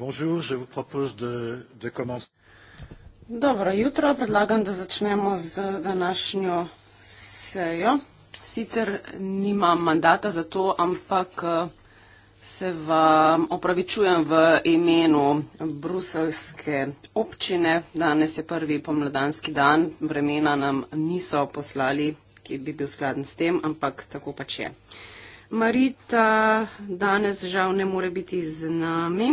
Bonjour, je vous propose de, de commencer. Dobro jutro, predlagam, da začnemo z današnjo sejo. Sicer nimam mandata za to, ampak se vam opravičujem v imenu bruselske občine. Danes je prvi pomladanski dan, vremena nam niso poslali, ki bi bil skladen s tem, ampak tako pač je. Marita danes žal ne more biti z nami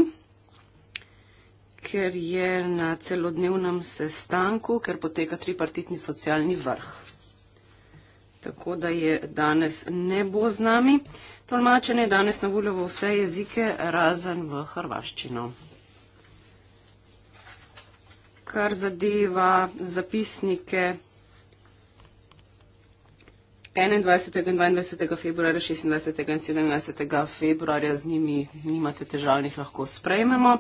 ker je na celodnevnem sestanku, ker poteka tripartitni socialni vrh. Tako da je danes ne bo z nami. Tolmačenje je danes na voljo v vse jezike, razen v hrvaščino. Kar zadeva zapisnike 21. in 22. februarja, 26. in 27. februarja, z njimi nimate težavnih, lahko sprejmemo.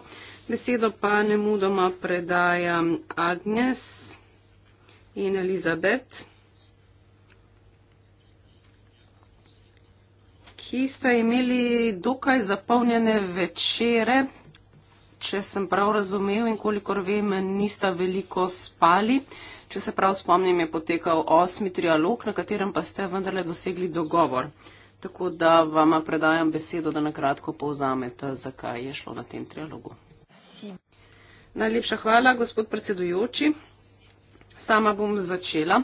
Besedo pa ne mudoma predajam Agnes in Elizabet, ki sta imeli dokaj zapolnjene večere, če sem prav razumel in kolikor vem, nista veliko spali. Če se prav spomnim, je potekal osmi trialog, na katerem pa ste vendarle dosegli dogovor. Tako da vama predajam besedo, da nakratko povzamete, zakaj je šlo na tem trialogu. Najlepša hvala, gospod predsedujoči. Sama bom začela.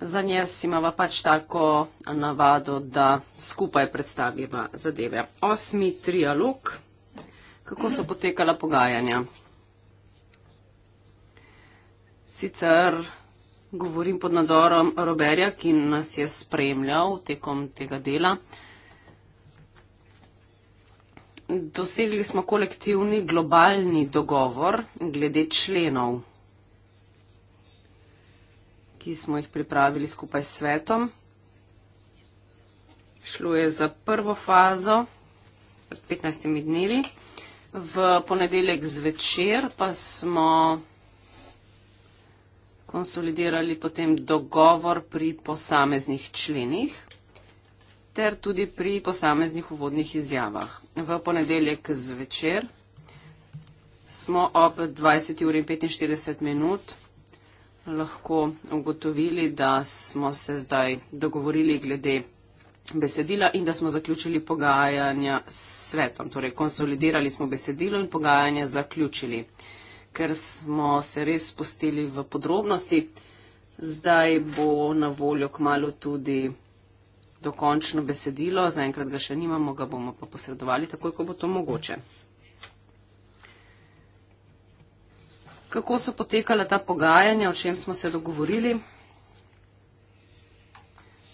Za njes imava pač tako navado, da skupaj predstaviva zadeve. Osmi trialog. Kako so potekala pogajanja? Sicer govorim pod nadzorom Roberja, ki nas je spremljal tekom tega dela dosegli smo kolektivni globalni dogovor glede členov, ki smo jih pripravili skupaj s svetom. Šlo je za prvo fazo pred 15 dnevi. V ponedeljek zvečer pa smo konsolidirali potem dogovor pri posameznih členih ter tudi pri posameznih uvodnih izjavah. V ponedeljek zvečer smo ob 20. uri 45 minut lahko ugotovili, da smo se zdaj dogovorili glede besedila in da smo zaključili pogajanja s svetom. Torej, konsolidirali smo besedilo in pogajanja zaključili, ker smo se res spustili v podrobnosti. Zdaj bo na voljo kmalo tudi dokončno besedilo, zaenkrat ga še nimamo, ga bomo pa posredovali takoj, ko bo to mogoče. Kako so potekala ta pogajanja, o čem smo se dogovorili?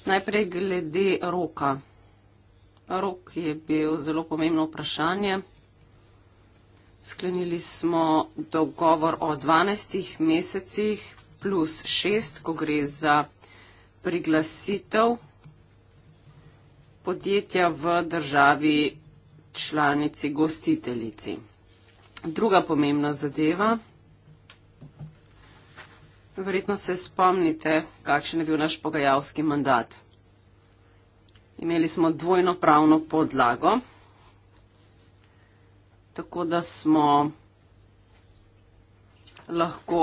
Najprej glede roka. Rok je bil zelo pomembno vprašanje. Sklenili smo dogovor o 12 mesecih plus 6, ko gre za priglasitev podjetja v državi članici gostiteljici. Druga pomembna zadeva. Verjetno se spomnite, kakšen je bil naš pogajalski mandat. Imeli smo dvojno pravno podlago, tako da smo lahko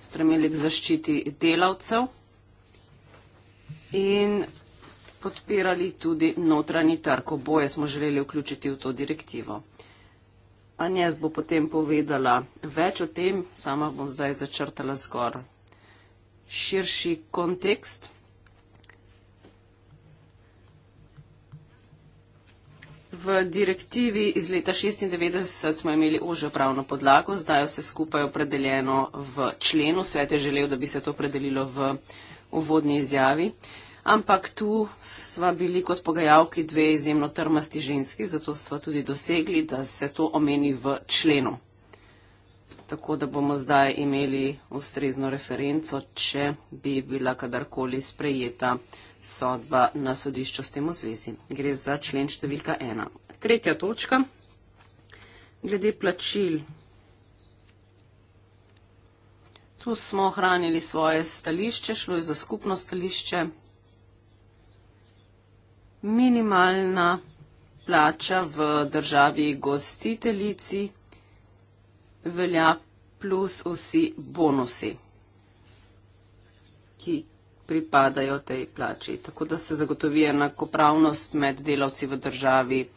stremeli k zaščiti delavcev in podpirali tudi notranji trg. Oboje smo želeli vključiti v to direktivo. Anjes bo potem povedala več o tem, sama bom zdaj začrtala zgor širši kontekst. V direktivi iz leta 96 smo imeli ožjo pravno podlago, zdaj vse skupaj opredeljeno v členu. Svet je želel, da bi se to opredelilo v uvodni izjavi. Uh, ampak tu sva bili kot pogajalki dve izjemno trmasti ženski, zato sva tudi dosegli, da se to omeni v členu. Tako da bomo zdaj imeli ustrezno referenco, če bi bila kadarkoli sprejeta sodba na sodišču s tem v zvezi. Gre za člen številka ena. Tretja točka. Glede plačil. Tu smo ohranili svoje stališče, šlo je za skupno stališče, minimalna plača v državi gostiteljici velja plus vsi bonusi, ki pripadajo tej plači. Tako da se zagotovi enakopravnost med delavci v državi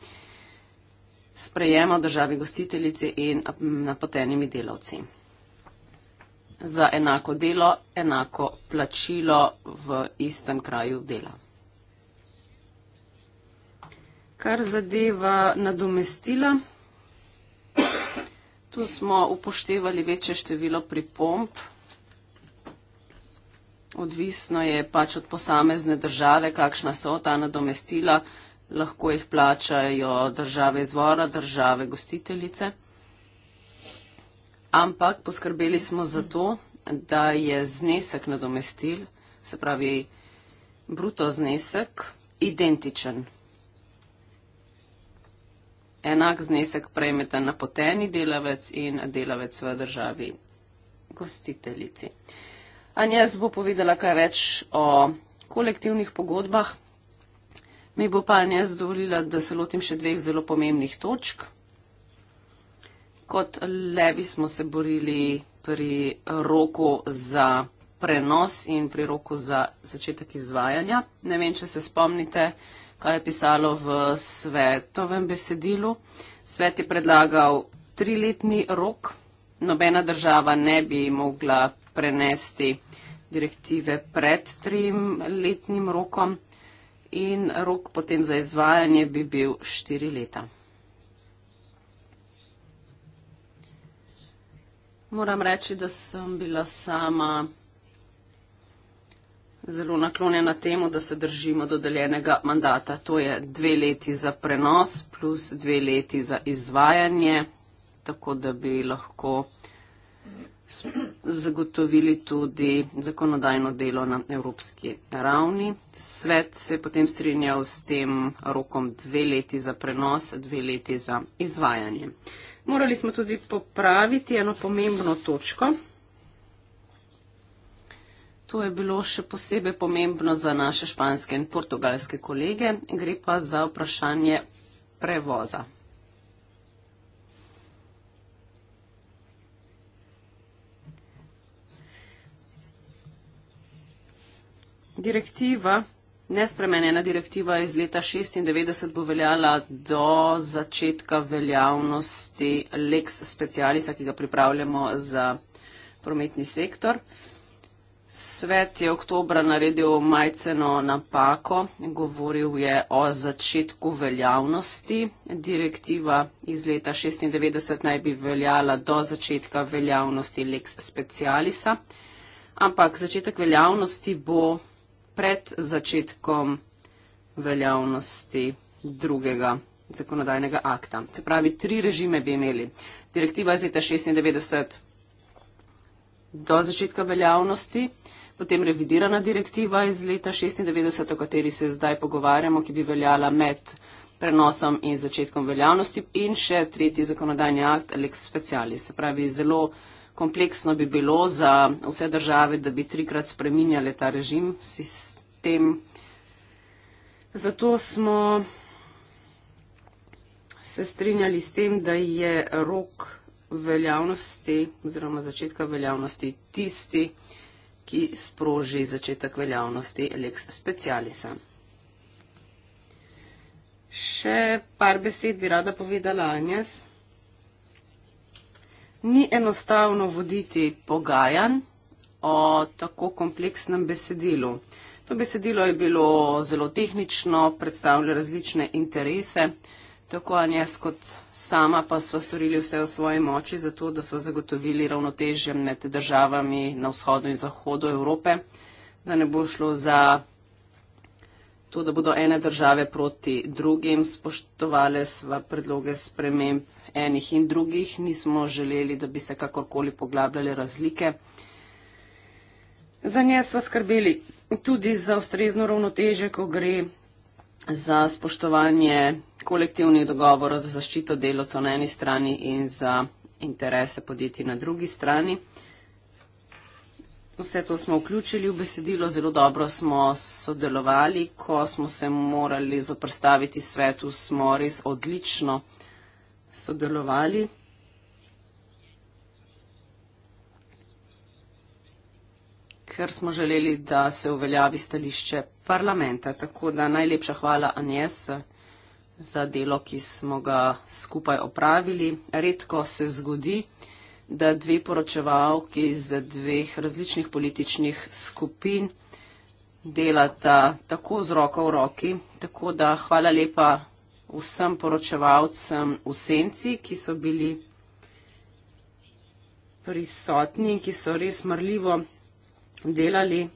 sprejema v državi gostiteljice in napotenimi delavci. Za enako delo, enako plačilo v istem kraju dela. Kar zadeva nadomestila, tu smo upoštevali večje število pripomp. Odvisno je pač od posamezne države, kakšna so ta nadomestila, lahko jih plačajo države izvora, države gostiteljice. Ampak poskrbeli smo za to, da je znesek nadomestil, se pravi bruto znesek, identičen enak znesek prejmeta napoteni delavec in delavec v državi gostiteljici. Anja bo povedala kaj več o kolektivnih pogodbah. Mi bo pa Anja zdovolila, da se lotim še dveh zelo pomembnih točk. Kot levi smo se borili pri roku za prenos in pri roku za začetek izvajanja. Ne vem, če se spomnite, kaj je pisalo v svetovem besedilu. Svet je predlagal triletni rok, nobena država ne bi mogla prenesti direktive pred triletnim rokom in rok potem za izvajanje bi bil štiri leta. Moram reči, da sem bila sama zelo naklonjena temu, da se držimo dodeljenega mandata. To je dve leti za prenos plus dve leti za izvajanje, tako da bi lahko zagotovili tudi zakonodajno delo na evropski ravni. Svet se je potem strinjal s tem rokom dve leti za prenos, dve leti za izvajanje. Morali smo tudi popraviti eno pomembno točko. To je bilo še posebej pomembno za naše španske in portugalske kolege. Gre pa za vprašanje prevoza. Direktiva, nespremenjena direktiva iz leta 96 bo veljala do začetka veljavnosti Lex Specialisa, ki ga pripravljamo za prometni sektor. Svet je oktobra naredil majceno napako, govoril je o začetku veljavnosti. Direktiva iz leta 1996 naj bi veljala do začetka veljavnosti Lex Specialisa, ampak začetek veljavnosti bo pred začetkom veljavnosti drugega zakonodajnega akta. Se pravi, tri režime bi imeli. Direktiva iz leta 1996 do začetka veljavnosti potem revidirana direktiva iz leta 96, o kateri se zdaj pogovarjamo, ki bi veljala med prenosom in začetkom veljavnosti in še tretji zakonodajni akt Alex Specialis. Se pravi, zelo kompleksno bi bilo za vse države, da bi trikrat spreminjale ta režim, sistem. Zato smo se strinjali s tem, da je rok veljavnosti oziroma začetka veljavnosti tisti, ki sproži začetek veljavnosti lex specialisa. Še par besed bi rada povedala Anjes. Ni enostavno voditi pogajanj o tako kompleksnem besedilu. To besedilo je bilo zelo tehnično, predstavlja različne interese. Tako on jaz kot sama pa smo storili vse v svoji moči za to, da smo zagotovili ravnotežje med državami na vzhodu in zahodu Evrope, da ne bo šlo za to, da bodo ene države proti drugim spoštovale sva predloge sprememb enih in drugih. Nismo želeli, da bi se kakorkoli poglabljale razlike. Za nje smo skrbeli tudi za ustrezno ravnotežje, ko gre za spoštovanje kolektivnih dogovorov za zaščito delovcev na eni strani in za interese podjetij na drugi strani. Vse to smo vključili v besedilo, zelo dobro smo sodelovali, ko smo se morali zoprstaviti svetu, smo res odlično sodelovali. ker smo želeli, da se uveljavi stališče parlamenta. Tako da najlepša hvala Anjes za delo, ki smo ga skupaj opravili. Redko se zgodi, da dve poročevalki iz dveh različnih političnih skupin delata tako z roko v roki. Tako da hvala lepa vsem poročevalcem v senci, ki so bili prisotni in ki so res marljivo delali.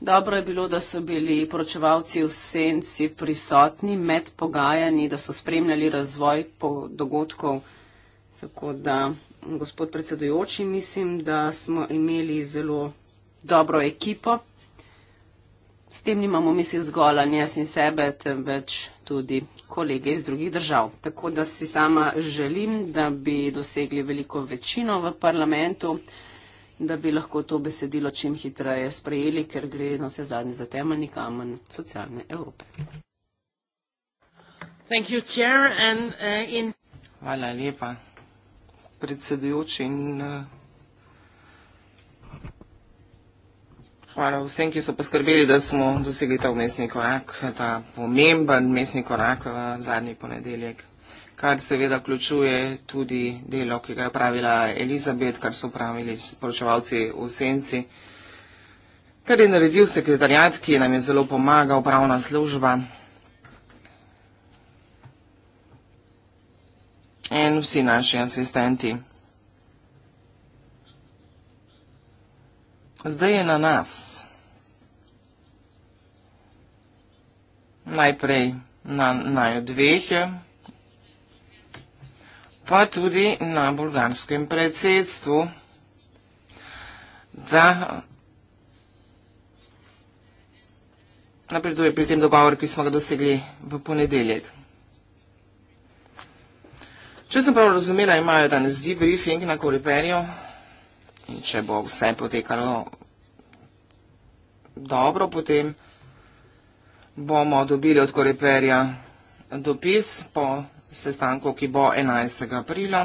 Dobro je bilo, da so bili poročevalci v senci prisotni med pogajanji, da so spremljali razvoj dogodkov. Tako da, gospod predsedujoči, mislim, da smo imeli zelo dobro ekipo. S tem nimamo misli zgolj na jaz in sebe, temveč tudi kolege iz drugih držav. Tako da si sama želim, da bi dosegli veliko večino v parlamentu, da bi lahko to besedilo čim hitreje sprejeli, ker gre na vse zadnje za temeljni kamen socialne Evrope. You, chair, and, uh, in... Hvala lepa, predsedujoči in uh... Hvala vsem, ki so poskrbeli, da smo dosegli ta umestni korak, ta pomemben umestni korak v zadnji ponedeljek, kar seveda vključuje tudi delo, ki ga je pravila Elizabet, kar so pravili poročevalci v Senci, kar je naredil sekretarjat, ki nam je zelo pomagal, pravna služba. In vsi naši asistenti. Zdaj je na nas. Najprej na naju dveh, pa tudi na bulgarskem predsedstvu, da napreduje pri tem dogovor, ki smo ga dosegli v ponedeljek. Če sem prav razumela, imajo danes debriefing na koriperju, In če bo vse potekalo dobro, potem bomo dobili od Koreperja dopis po sestanku, ki bo 11. aprila.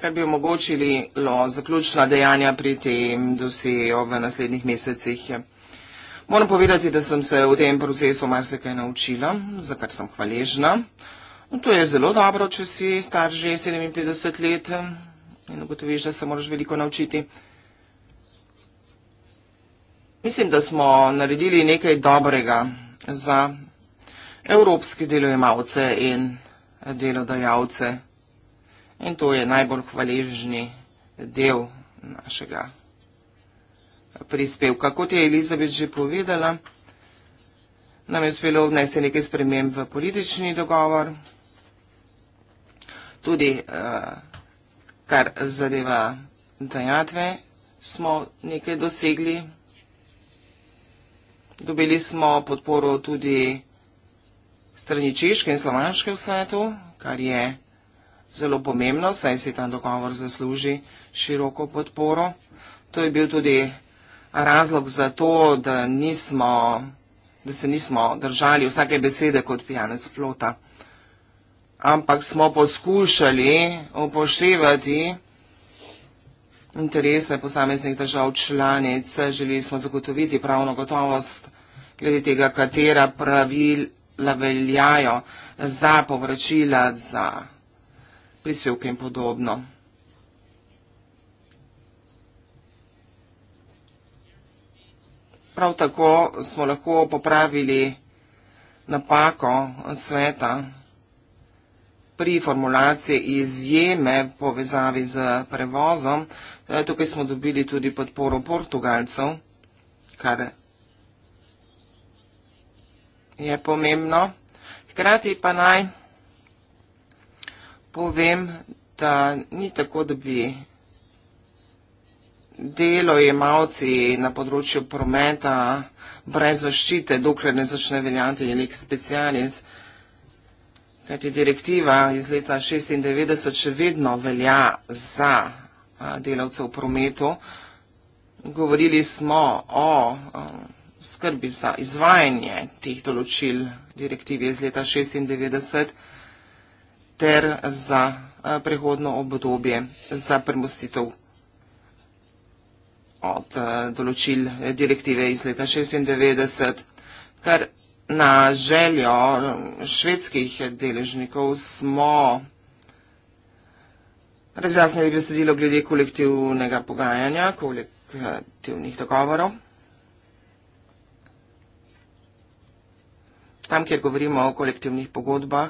kaj bi omogočili lo zaključna dejanja pri tem dosejo v naslednjih mesecih. Moram povedati, da sem se v tem procesu marsikaj naučila, za kar sem hvaležna. No, to je zelo dobro, če si star že 57 let eh, in ugotoviš, da se moraš veliko naučiti. Mislim, da smo naredili nekaj dobrega za evropske delojemalce in delodajalce. In to je najbolj hvaležni del našega prispevka. Kot je Elizabet že povedala, nam je uspelo vnesti nekaj sprememb v politični dogovor, tudi eh, kar zadeva dajatve, smo nekaj dosegli. Dobili smo podporo tudi strani Češke in Slovaške v svetu, kar je zelo pomembno, saj si ta dogovor zasluži široko podporo. To je bil tudi razlog za to, da, nismo, da se nismo držali vsake besede kot pijanec plota. Ampak smo poskušali upoštevati interese posameznih držav članic, želeli smo zagotoviti pravno gotovost glede tega, katera pravila veljajo za povračila, za prispevke in podobno. Prav tako smo lahko popravili napako sveta pri formulaciji izjeme povezavi z prevozom. E, tukaj smo dobili tudi podporo portugalcev, kar je pomembno. Hkrati pa naj povem, da ni tako, da bi delojemalci na področju prometa brez zaščite, dokler ne začne veljati nek specialis. Kajti direktiva iz leta 96 še vedno velja za delavce v prometu. Govorili smo o skrbi za izvajanje teh določil direktive iz leta 96 ter za prehodno obdobje za premustitev od eh, določil direktive iz leta 96, kar na željo švedskih deležnikov smo razjasnili besedilo glede kolektivnega pogajanja, kolektivnih dogovorov. Tam, kjer govorimo o kolektivnih pogodbah,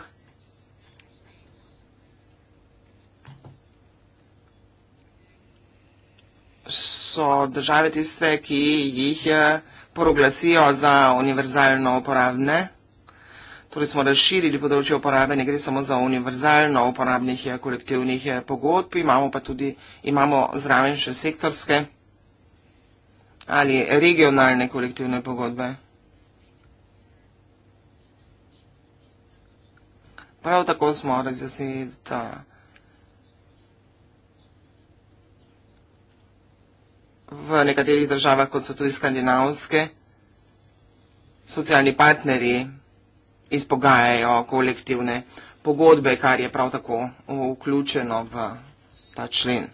so države tiste, ki jih eh, proglasijo za univerzalno uporabne. Torej smo razširili področje uporabe, ne gre samo za univerzalno uporabnih eh, kolektivnih eh, pogodb, imamo pa tudi imamo zraven še sektorske ali regionalne kolektivne pogodbe. Prav tako smo razjasnili, da. v nekaterih državah, kot so tudi skandinavske, socialni partnerji izpogajajo kolektivne pogodbe, kar je prav tako vključeno v ta člen.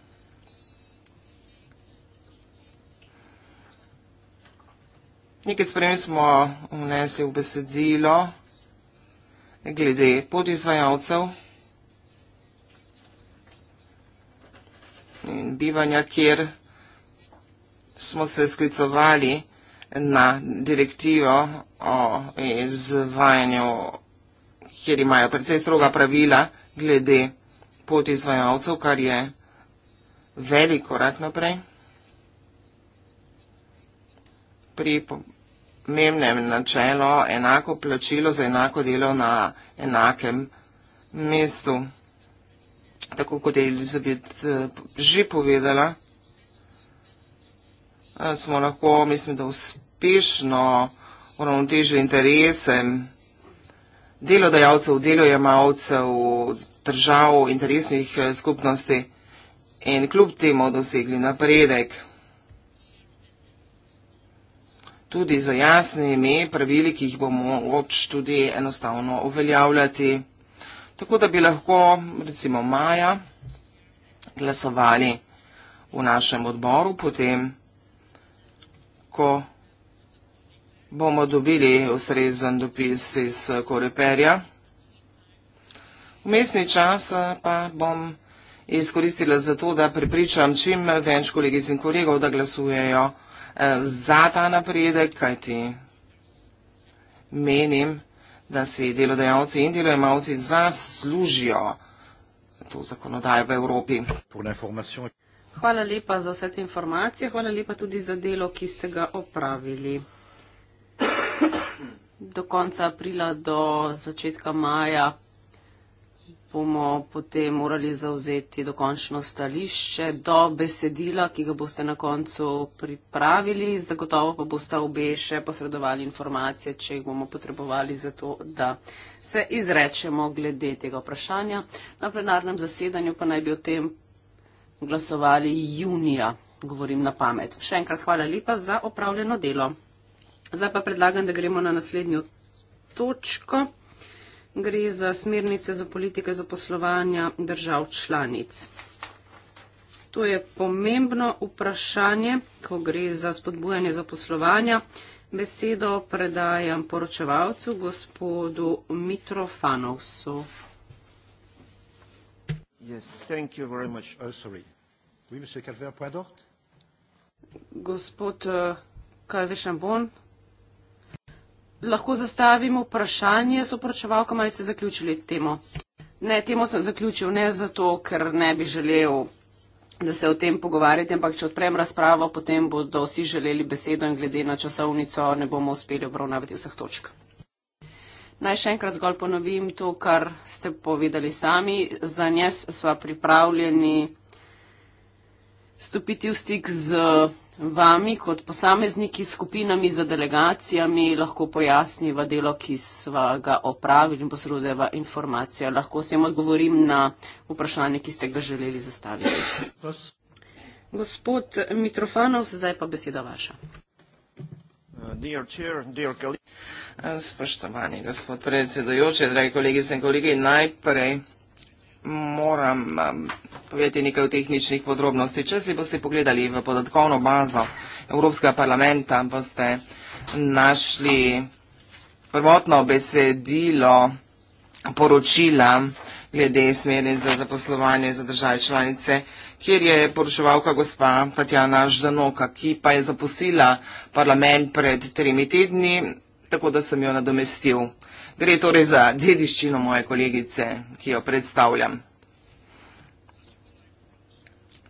Nekaj sprejem smo vnesli v besedilo glede podizvajalcev in bivanja, kjer vsega, smo se sklicovali na direktivo o izvajanju, kjer imajo precej stroga pravila glede poti izvajalcev, kar je velik korak naprej. Pri pomembnem načelo enako plačilo za enako delo na enakem mestu, tako kot je Elizabet eh, že povedala, Eh, smo lahko, mislim, da uspešno uravnotežili interese delodajalcev, delojemalcev, držav, interesnih eh, skupnosti in kljub temu dosegli napredek. Tudi za jasne ime pravili, ki jih bomo oč tudi enostavno uveljavljati. Tako da bi lahko recimo maja glasovali v našem odboru, potem ko bomo dobili ustrezen dopis iz eh, Koreperja. Vmesni čas eh, pa bom izkoristila za to, da pripričam čim več kolegic in kolegov, da glasujejo eh, za ta napredek, kajti menim, da si delodajalci in delojemalci zaslužijo to zakonodajo v Evropi. Hvala lepa za vse te informacije, hvala lepa tudi za delo, ki ste ga opravili. Do konca aprila, do začetka maja bomo potem morali zauzeti dokončno stališče do besedila, ki ga boste na koncu pripravili. Zagotovo pa boste obe še posredovali informacije, če jih bomo potrebovali za to, da se izrečemo glede tega vprašanja. Na plenarnem zasedanju pa naj bi o tem glasovali junija, govorim na pamet. Še enkrat hvala lepa za opravljeno delo. Zdaj pa predlagam, da gremo na naslednjo točko. Gre za smernice za politike za poslovanja držav članic. To je pomembno vprašanje, ko gre za spodbujanje za poslovanja. Besedo predajam poročevalcu, gospodu Mitrofanovsu. Yes, thank you very much. Oh, sorry. Oui, Monsieur Calvert, point d'ordre. Gospod uh, Calvert Šambon, lahko zastavimo vprašanje s opračevalkom ali ste zaključili temo? Ne, temo sem zaključil ne zato, ker ne bi želel, da se o tem pogovarjate, ampak če odprem razpravo, potem bodo vsi želeli besedo in glede na časovnico ne bomo uspeli obravnavati vseh točk. Naj še enkrat zgolj ponovim to, kar ste povedali sami. Za njes sva pripravljeni stopiti v stik z vami kot posamezniki, skupinami, za delegacijami, lahko pojasniva delo, ki sva ga opravili in posredujeva informacija. Lahko s tem odgovorim na vprašanje, ki ste ga želeli zastaviti. Gospod Mitrofanov, zdaj pa beseda vaša. Dear chair, dear Spoštovani gospod predsedujoči, dragi kolegice in kolegi, najprej moram um, povedati nekaj o tehničnih podrobnosti. Če si boste pogledali v podatkovno bazo Evropskega parlamenta, boste našli prvotno besedilo poročila glede smernic za zaposlovanje za države članice EU kjer je poročevalka gospa Tatjana Ždanoka, ki pa je zapustila parlament pred tremi tedni, tako da sem jo nadomestil. Gre torej za dediščino moje kolegice, ki jo predstavljam.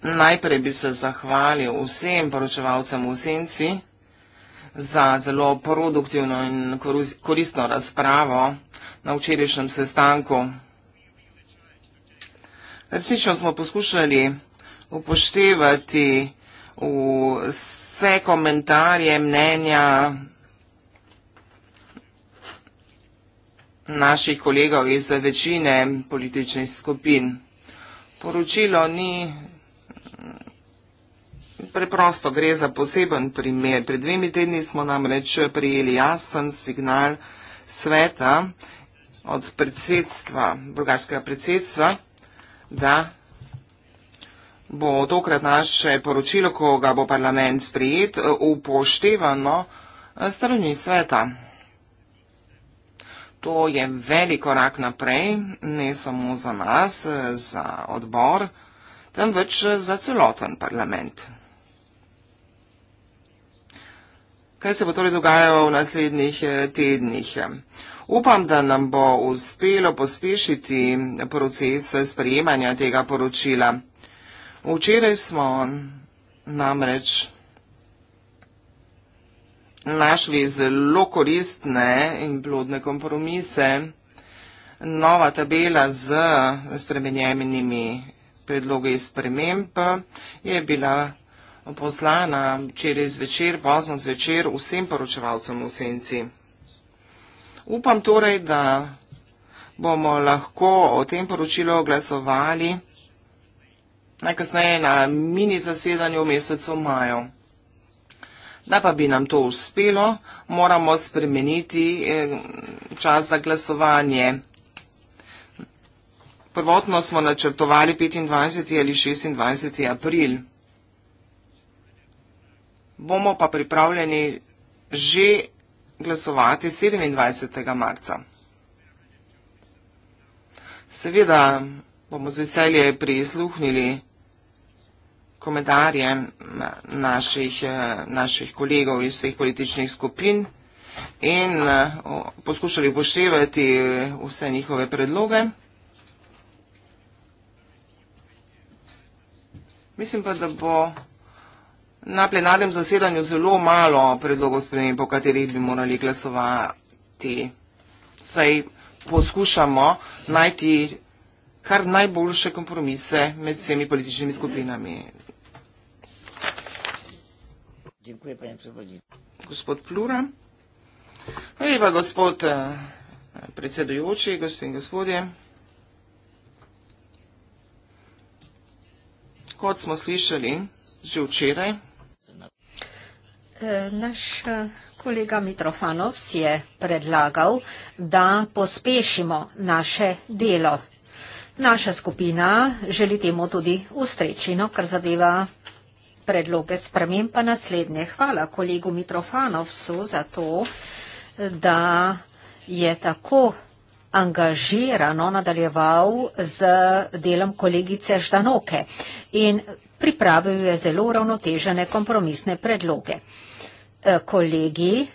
Najprej bi se zahvalil vsem poročevalcem v Senci za zelo produktivno in koristno razpravo na včerajšnjem sestanku. Resnično smo poskušali upoštevati vse komentarje, mnenja naših kolegov iz večine političnih skupin. Poročilo ni preprosto, gre za poseben primer. Pred dvemi tedni smo namreč prijeli jasen signal sveta od predsedstva, bulgarskega predsedstva, da bo tokrat naše poročilo, ko ga bo parlament sprijet, upoštevano eh, strani sveta. To je velik korak naprej, ne samo za nas, eh, za odbor, temveč eh, za celoten parlament. Kaj se bo torej dogajalo v naslednjih tednih? Upam, da nam bo uspelo pospešiti proces sprejemanja tega poročila. Včeraj smo namreč našli zelo koristne in blodne kompromise. Nova tabela z spremenjenimi predlogi sprememb je bila poslana včeraj zvečer, pozno zvečer vsem poročevalcem v senci. Upam torej, da bomo lahko o tem poročilu glasovali najkasneje na mini zasedanju v mesecu maju. Da pa bi nam to uspelo, moramo spremeniti eh, čas za glasovanje. Prvotno smo načrtovali 25. ali 26. april. Bomo pa pripravljeni že glasovati 27. marca. Seveda bomo z veselje prisluhnili komentarje naših, eh, naših kolegov iz vseh političnih skupin in eh, poskušali upoštevati eh, vse njihove predloge. Mislim pa, da bo na plenarnem zasedanju zelo malo predlogov spremen, po katerih bi morali glasovati. Saj poskušamo najti kar najboljše kompromise med vsemi političnimi skupinami. Gospod Plura. Lepa gospod eh, predsedujoči, gospod in gospodje. Kot smo slišali že včeraj. Eh, naš eh, kolega Mitrofanov si je predlagal, da pospešimo naše delo. Naša skupina želi temu tudi ustrečino, kar zadeva predloge sprememb pa naslednje. Hvala kolegu Mitrofanovcu za to, da je tako angažirano nadaljeval z delom kolegice Ždanoke in pripravil je zelo ravnotežene kompromisne predloge. E, kolegi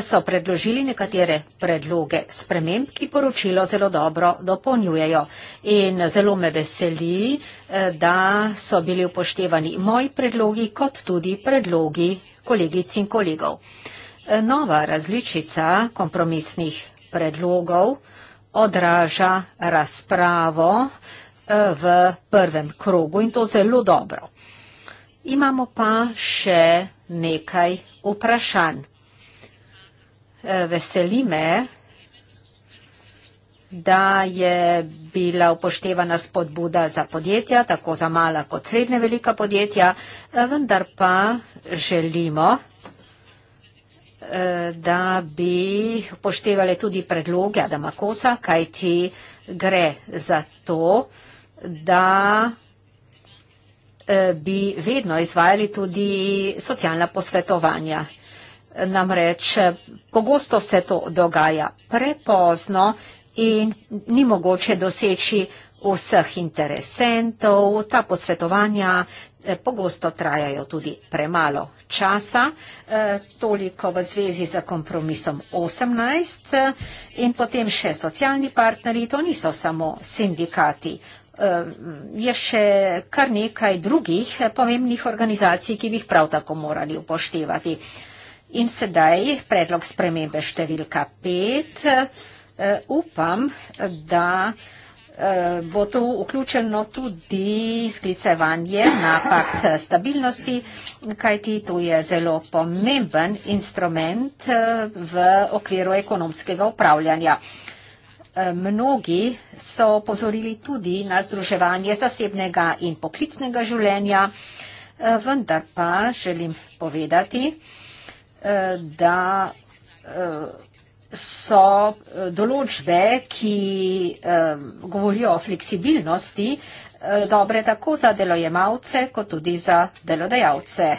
so predložili nekatere predloge sprememb, ki poročilo zelo dobro dopolnjujejo. In zelo me veseli, eh, da so bili upoštevani moji predlogi, kot tudi predlogi kolegic in kolegov. Eh, nova različica kompromisnih predlogov odraža razpravo eh, v prvem krogu in to zelo dobro. Imamo pa še nekaj vprašanj. Eh, veseli me, da je bila upoštevana spodbuda za podjetja, tako za mala kot srednje velika podjetja, eh, vendar pa želimo, eh, da bi upoštevali tudi predloge Adama Kosa, kaj ti gre za to, da bi vedno izvajali tudi socialna posvetovanja namreč eh, pogosto se to dogaja prepozno in ni mogoče doseči vseh interesentov, ta posvetovanja eh, pogosto trajajo tudi premalo časa, eh, toliko v zvezi z kompromisom 18 in potem še socialni partneri, to niso samo sindikati. Je še kar nekaj drugih pomembnih organizacij, ki bi jih prav tako morali upoštevati. In sedaj predlog spremembe številka pet. Eh, upam, da eh, bo to vključeno tudi sklicevanje na pakt stabilnosti, kajti to je zelo pomemben instrument eh, v okviru ekonomskega upravljanja. Mnogi so pozorili tudi na združevanje zasebnega in poklicnega življenja, vendar pa želim povedati, da da eh, so eh, določbe, ki eh, govorijo o fleksibilnosti, dobre tako za delojemalce, kot tudi za delodajalce.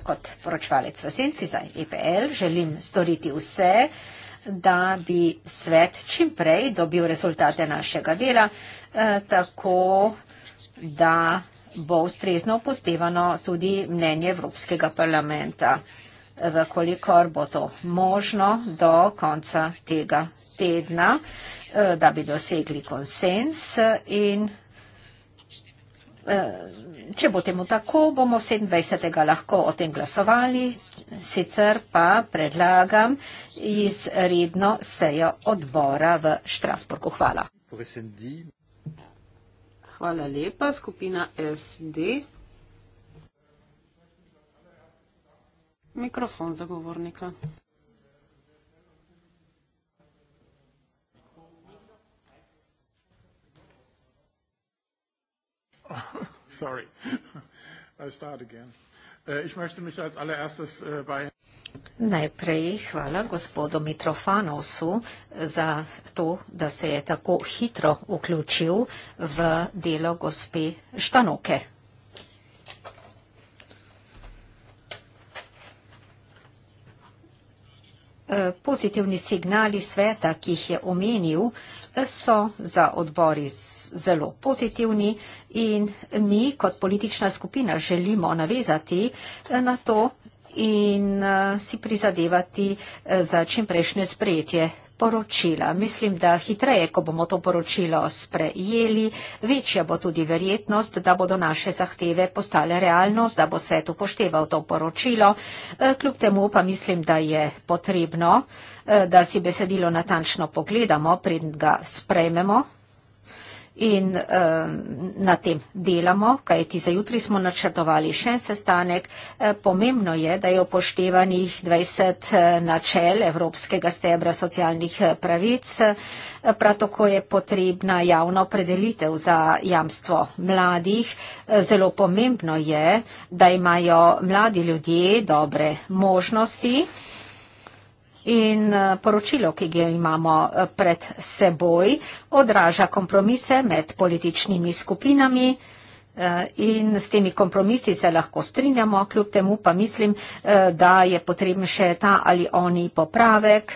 Kot poročvalec v senci za EPL želim storiti vse, da bi svet čim prej dobil rezultate našega dela, tako da bo ustrezno upoštevano tudi mnenje Evropskega parlamenta, vkolikor bo to možno do konca tega tedna, eh, da bi dosegli konsens in eh, Če bo temu tako, bomo 27. lahko o tem glasovali, sicer pa predlagam izredno sejo odbora v Štrasburgu. Hvala. Hvala lepa. Skupina SD. Mikrofon zagovornika. Sorry, I start again. Uh, ich möchte mich als allererstes uh, bei Najprej hvala gospodu Mitrofanovsu za to, da se je tako hitro vključil v delo gospe Štanoke. Eh, pozitivni signali sveta, ki jih je omenil, so za odbori zelo pozitivni in mi kot politična skupina želimo navezati eh, na to, in uh, si prizadevati uh, za čim prejšnje sprejetje poročila. Mislim, da hitreje, ko bomo to poročilo sprejeli, večja bo tudi verjetnost, da bodo naše zahteve postale realnost, da bo svet upošteval to poročilo. Eh, kljub temu pa mislim, da je potrebno, da si besedilo natančno pogledamo, pred ga sprejmemo, In eh, na tem delamo, kajti za jutri smo načrtovali še en sestanek. Eh, pomembno je, da je upoštevanih 20 e, načel Evropskega stebra socialnih e, pravic. Eh, prav tako je potrebna javna opredelitev za jamstvo mladih. Eh, zelo pomembno je, da imajo mladi ljudje dobre možnosti in eh, poročilo, ki ga imamo eh, pred seboj, odraža kompromise med političnimi skupinami. Eh, in s temi kompromisi se lahko strinjamo, kljub temu pa mislim, da je potreben še ta ali oni popravek,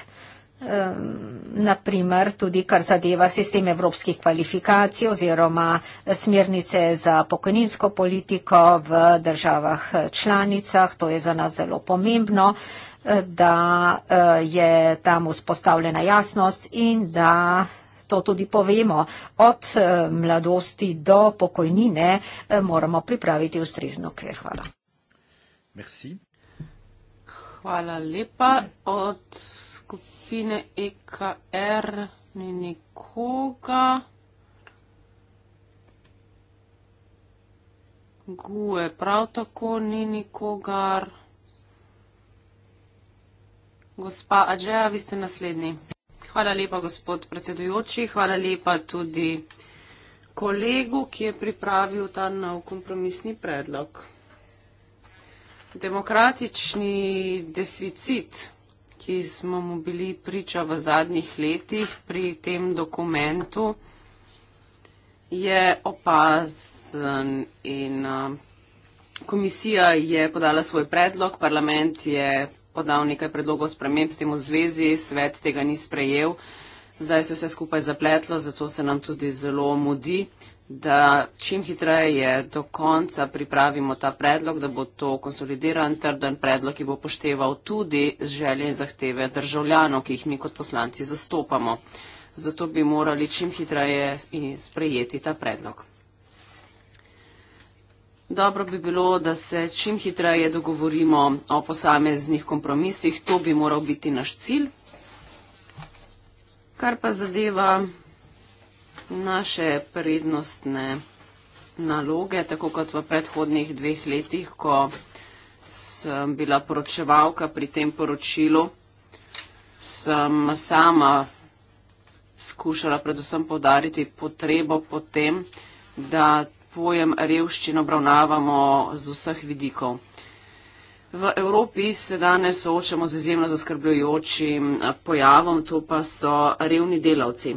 naprimer tudi kar zadeva sistem evropskih kvalifikacij oziroma smernice za pokojninsko politiko v državah članicah, to je za nas zelo pomembno da eh, je tam vzpostavljena jasnost in da to tudi povemo. Od eh, mladosti do pokojnine eh, moramo pripraviti ustrezno okvir. Hvala. Merci. Hvala lepa. Od skupine EKR ni nikoga. Gue prav tako ni nikogar. Gospa Adžeja, vi ste naslednji. Hvala lepa, gospod predsedujoči. Hvala lepa tudi kolegu, ki je pripravil ta nov kompromisni predlog. Demokratični deficit, ki smo mu bili priča v zadnjih letih pri tem dokumentu, je opazen in komisija je podala svoj predlog, parlament je podal nekaj predlogov sprememb s tem v zvezi, svet tega ni sprejel. Zdaj se vse skupaj zapletlo, zato se nam tudi zelo mudi, da čim hitreje do konca pripravimo ta predlog, da bo to konsolidiran, trden predlog, ki bo pošteval tudi želje in zahteve državljanov, ki jih mi kot poslanci zastopamo. Zato bi morali čim hitreje sprejeti ta predlog. Dobro bi bilo, da se čim hitreje dogovorimo o posameznih kompromisih. To bi moral biti naš cilj. Kar pa zadeva naše prednostne naloge, tako kot v predhodnih dveh letih, ko sem bila poročevalka pri tem poročilu, sem sama skušala predvsem podariti potrebo potem, da pojem revščine obravnavamo z vseh vidikov. V Evropi se danes soočamo z izjemno zaskrbljujočim eh, pojavom, to pa so revni delavci.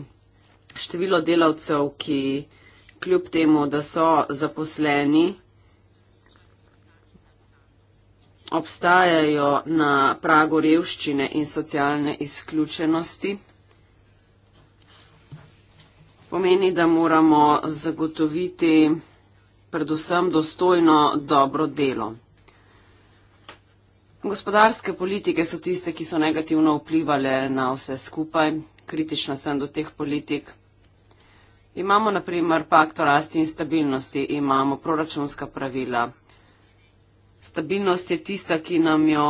Število delavcev, ki kljub temu, da so zaposleni, obstajajo na pragu revščine in socialne izključenosti pomeni, da moramo zagotoviti predvsem dostojno dobro delo. Gospodarske politike so tiste, ki so negativno vplivali na vse skupaj, kritična sem do teh politik. Imamo naprimer pakt o rasti in stabilnosti, imamo proračunska pravila. Stabilnost je tista, ki nam jo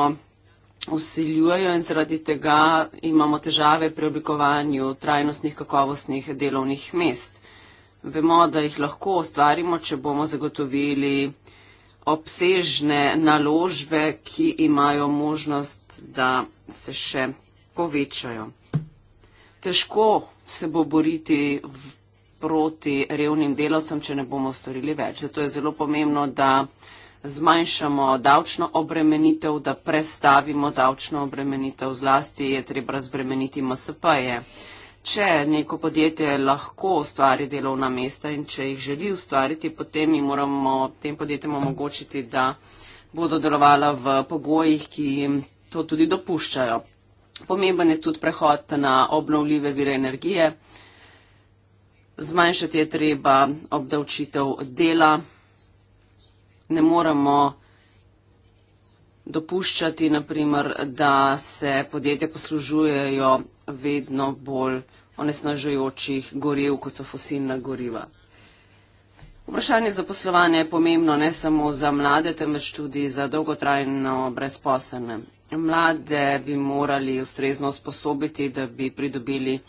usiljujejo in zaradi tega imamo težave pri oblikovanju trajnostnih kakovostnih delovnih mest. Vemo, da jih lahko ustvarimo, če bomo zagotovili obsežne naložbe, ki imajo možnost, da se še povečajo. Težko se bo boriti proti revnim delavcem, če ne bomo storili več. Zato je zelo pomembno, da zmanjšamo davčno obremenitev, da prestavimo davčno obremenitev, zlasti je treba razbremeniti MSP-je. Če neko podjetje lahko ustvari delovna mesta in če jih želi ustvariti, potem jim moramo tem podjetjem omogočiti, da bodo delovala v pogojih, ki jim to tudi dopuščajo. Pomemben je tudi prehod na obnovljive vire energije. Zmanjšati je treba obdavčitev dela ne moremo dopuščati, naprimer, da se podjetja poslužujejo vedno bolj onesnažujočih goriv, kot so fosilna goriva. Vprašanje zaposlovanja je pomembno ne samo za mlade, temveč tudi za dolgotrajno brezposelne. Mlade bi morali ustrezno sposobiti, da bi pridobili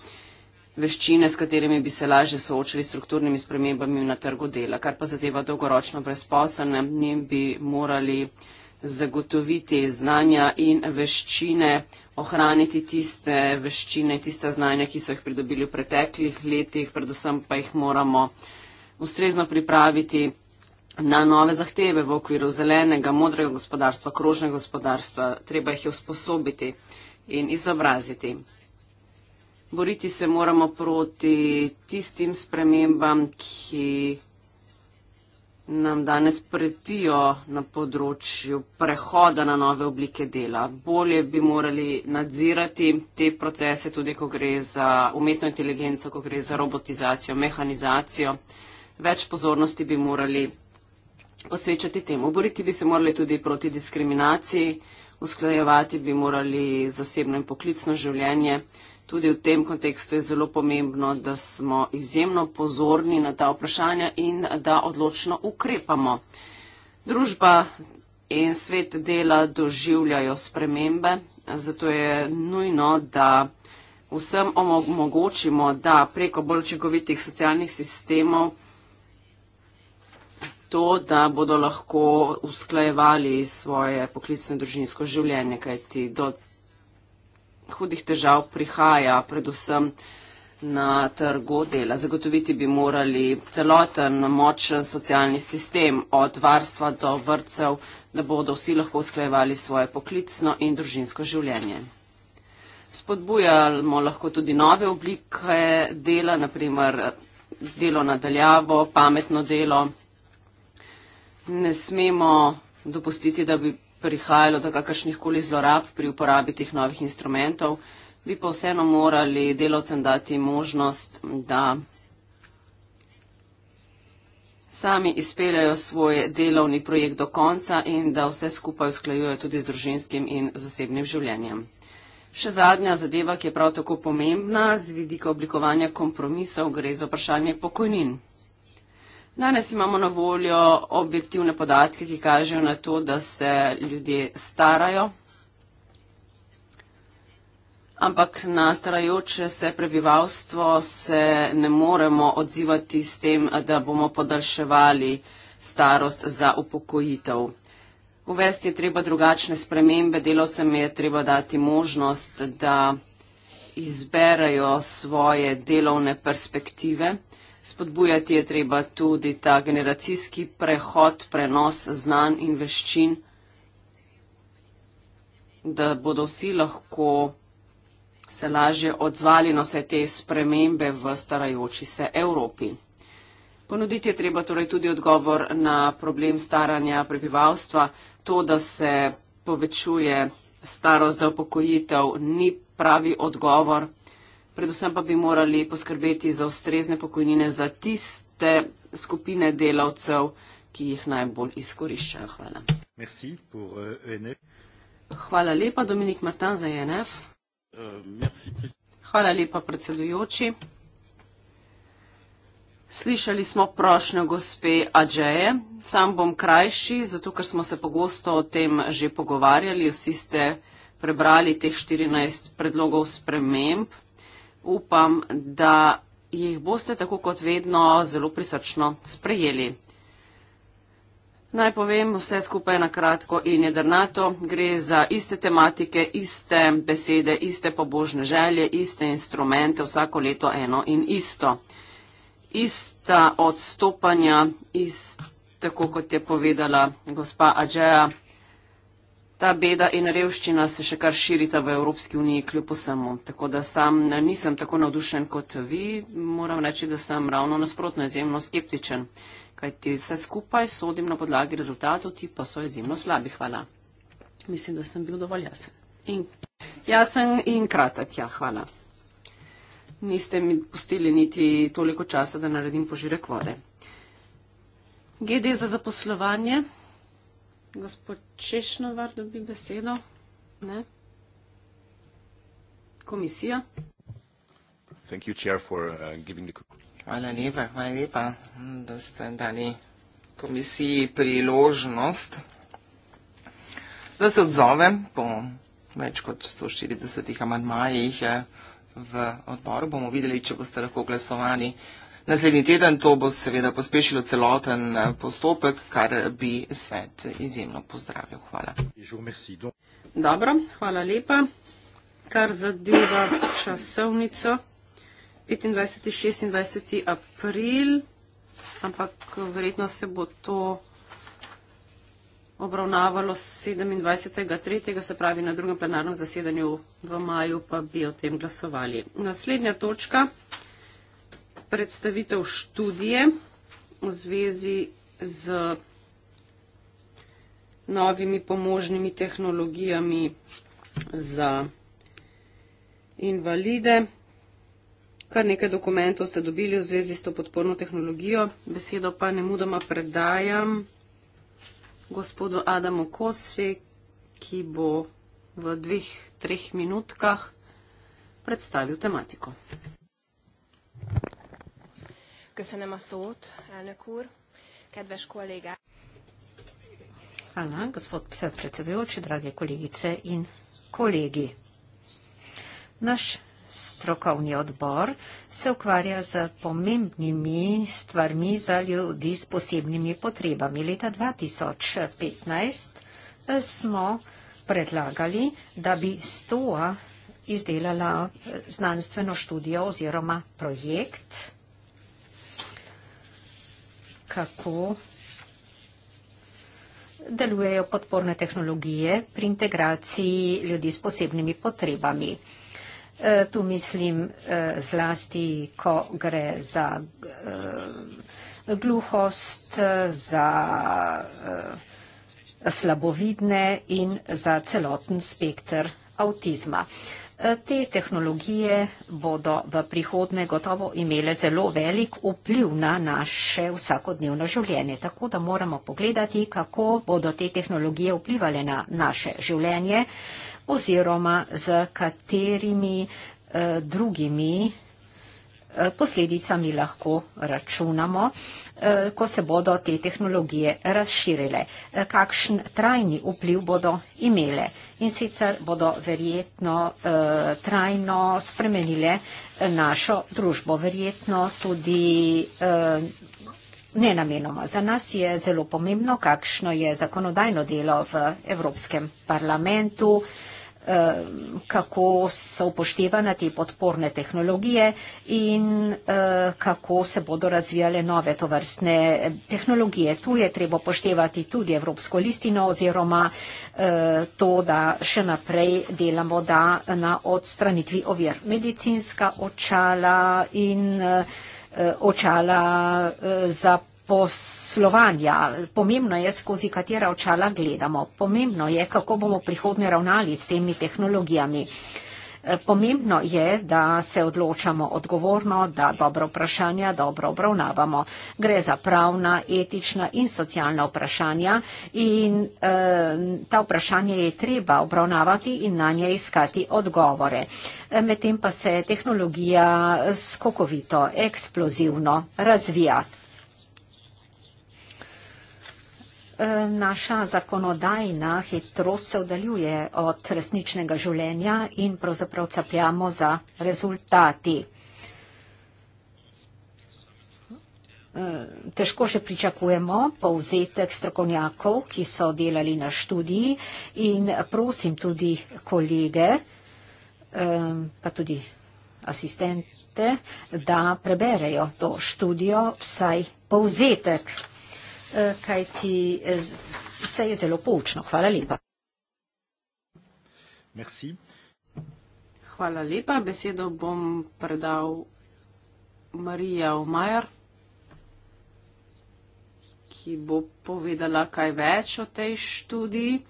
veščine, s katerimi bi se lažje soočili s strukturnimi spremembami na trgu dela, kar pa zadeva dolgoročno brezposelne, njim bi morali zagotoviti znanja in veščine, ohraniti tiste veščine, tiste znanja, ki so jih pridobili v preteklih letih, predvsem pa jih moramo ustrezno pripraviti na nove zahteve v okviru zelenega, modrega gospodarstva, krožnega gospodarstva. Treba jih je usposobiti in izobraziti boriti se moramo proti tistim spremembam, ki nam danes pretijo na področju prehoda na nove oblike dela. Bolje bi morali nadzirati te procese, tudi ko gre za umetno inteligenco, ko gre za robotizacijo, mehanizacijo. Več pozornosti bi morali posvečati temu. Boriti bi se morali tudi proti diskriminaciji, usklajevati bi morali zasebno in poklicno življenje tudi v tem kontekstu je zelo pomembno, da smo izjemno pozorni na ta vprašanja in da odločno ukrepamo. Družba in svet dela doživljajo spremembe, zato je nujno, da vsem omogočimo, da preko bolj učinkovitih socialnih sistemov to, da bodo lahko usklajevali svoje poklicno družinsko življenje, kajti do hudih težav prihaja, predvsem na trgu dela. Zagotoviti bi morali celoten močen socialni sistem od varstva do vrtcev, da bodo vsi lahko usklajevali svoje poklicno in družinsko življenje. Spodbujamo lahko tudi nove oblike dela, naprimer delo nadaljavo, pametno delo. Ne smemo dopustiti, da bi prihajalo do kakršnih koli zlorab pri uporabi teh novih instrumentov, bi pa vseeno morali delovcem dati možnost, da sami izpeljajo svoj delovni projekt do konca in da vse skupaj usklajujejo tudi z družinskim in zasebnim življenjem. Še zadnja zadeva, ki je prav tako pomembna z vidika oblikovanja kompromisov, gre za vprašanje pokojnin. Danes imamo na voljo objektivne podatke, ki kažejo na to, da se ljudje starajo, ampak na starajoče se prebivalstvo se ne moremo odzivati s tem, da bomo podaljševali starost za upokojitev. Uvesti je treba drugačne spremembe, delovcem je treba dati možnost, da izberajo svoje delovne perspektive. Spodbujati je treba tudi ta generacijski prehod, prenos znan in veščin, da bodo vsi lahko se lažje odzvali na vse te spremembe v starajoči se Evropi. Ponuditi je treba torej tudi odgovor na problem staranja prebivalstva. To, da se povečuje starost za upokojitev, ni pravi odgovor predvsem pa bi morali poskrbeti za ustrezne pokojnine za tiste skupine delavcev, ki jih najbolj izkoriščajo. Hvala. Merci pour, uh, Hvala lepa, Dominik Martan za ENF. Uh, merci, Hvala lepa, predsedujoči. Slišali smo prošnjo gospe Adžeje. Sam bom krajši, zato ker smo se pogosto o tem že pogovarjali. Vsi ste prebrali teh 14 predlogov sprememb upam, da jih boste tako kot vedno zelo prisrčno sprejeli. Naj povem vse skupaj na kratko in jedrnato. Gre za iste tematike, iste besede, iste pobožne želje, iste instrumente, vsako leto eno in isto. Ista odstopanja, ist, tako kot je povedala gospa Ađeja ta beda in revščina se še kar širita v Evropski uniji kljub vsemu. Tako da sam nisem tako navdušen kot vi, moram reči, da sem ravno nasprotno izjemno skeptičen. Kaj ti vse skupaj sodim na podlagi rezultatov, ti pa so izjemno slabi. Hvala. Mislim, da sem bil dovolj jasen. In jasen in kratek, ja, hvala. Niste mi pustili niti toliko časa, da naredim požirek vode. GD za zaposlovanje gospod Češnovar dobi besedo. Ne? Komisija. Thank you, chair, for, uh, the... Hvala lepa, hvala lepa, da ste dali komisiji priložnost, da se odzovem po več kot 140 amandmajih eh, v odboru. Bomo videli, če boste lahko glasovali uh, Naslednji teden to bo seveda pospešilo celoten eh, postopek, kar bi svet izjemno pozdravil. Hvala. Dobro, hvala lepa. Kar zadeva časovnico, 25. 26. april, ampak verjetno se bo to obravnavalo 27. 3. se pravi na drugem plenarnem zasedanju v maju, pa bi o tem glasovali. Naslednja točka predstavitev študije v zvezi z novimi pomožnimi tehnologijami za invalide. Kar nekaj dokumentov ste dobili v zvezi s to podporno tehnologijo. Besedo pa ne mudoma predajam gospodu Adamu Kose, ki bo v dveh, treh minutkah predstavil tematiko. Köszönöm a szót, elnök úr, kedves kollégák! Hvala, gospod predsedujoči, drage kolegice in kolegi. Naš strokovni odbor se ukvarja z pomembnimi stvarmi za ljudi s posebnimi potrebami. Leta 2015 smo predlagali, da bi STOA izdelala znanstveno študijo oziroma projekt kako delujejo podporne tehnologije pri integraciji ljudi s posebnimi potrebami. E, tu mislim e, zlasti, ko gre za e, gluhost, za slabovidne in za celoten spektr avtizma. Te tehnologije bodo v prihodne gotovo imele zelo velik vpliv na naše vsakodnevno življenje, tako da moramo pogledati, kako bodo te tehnologije vplivali na naše življenje oziroma z katerimi eh, drugimi Eh, posledicami lahko računamo, eh, ko se bodo te tehnologije razširile. Eh, kakšen trajni vpliv bodo imele in sicer bodo verjetno trajno spremenile našo družbo, verjetno tudi nenamenoma. Za nas je zelo pomembno, kakšno je zakonodajno delo v Evropskem parlamentu. Eh, kako so upoštevane te podporne tehnologije in eh, kako se bodo razvijale nove tovrstne tehnologije. Tu je treba upoštevati tudi Evropsko listino oziroma eh, to, da še naprej delamo da na odstranitvi ovir. Medicinska očala in očala za poslovanja. Pomembno je, skozi katera očala gledamo. Pomembno je, kako bomo prihodnje ravnali s temi tehnologijami. Eh, pomembno je, da se odločamo odgovorno, da dobro vprašanja dobro obravnavamo. Gre za pravna, etična in socialna vprašanja in eh, ta vprašanja je treba obravnavati in na nje iskati odgovore. Eh, medtem pa se tehnologija skokovito, eksplozivno razvija. Eh, naša zakonodajna hitrost se oddaljuje od resničnega življenja in pravzaprav capljamo za rezultati. Eh, težko še pričakujemo povzetek strokovnjakov, ki so delali na študiji in prosim tudi kolege, eh, pa tudi asistente, da preberejo to študijo, vsaj povzetek kajti eh, vse je zelo poučno. Hvala lepa. Merci. Hvala lepa. Besedo bom predal Marija Omajar, ki bo povedala kaj več o tej študiji.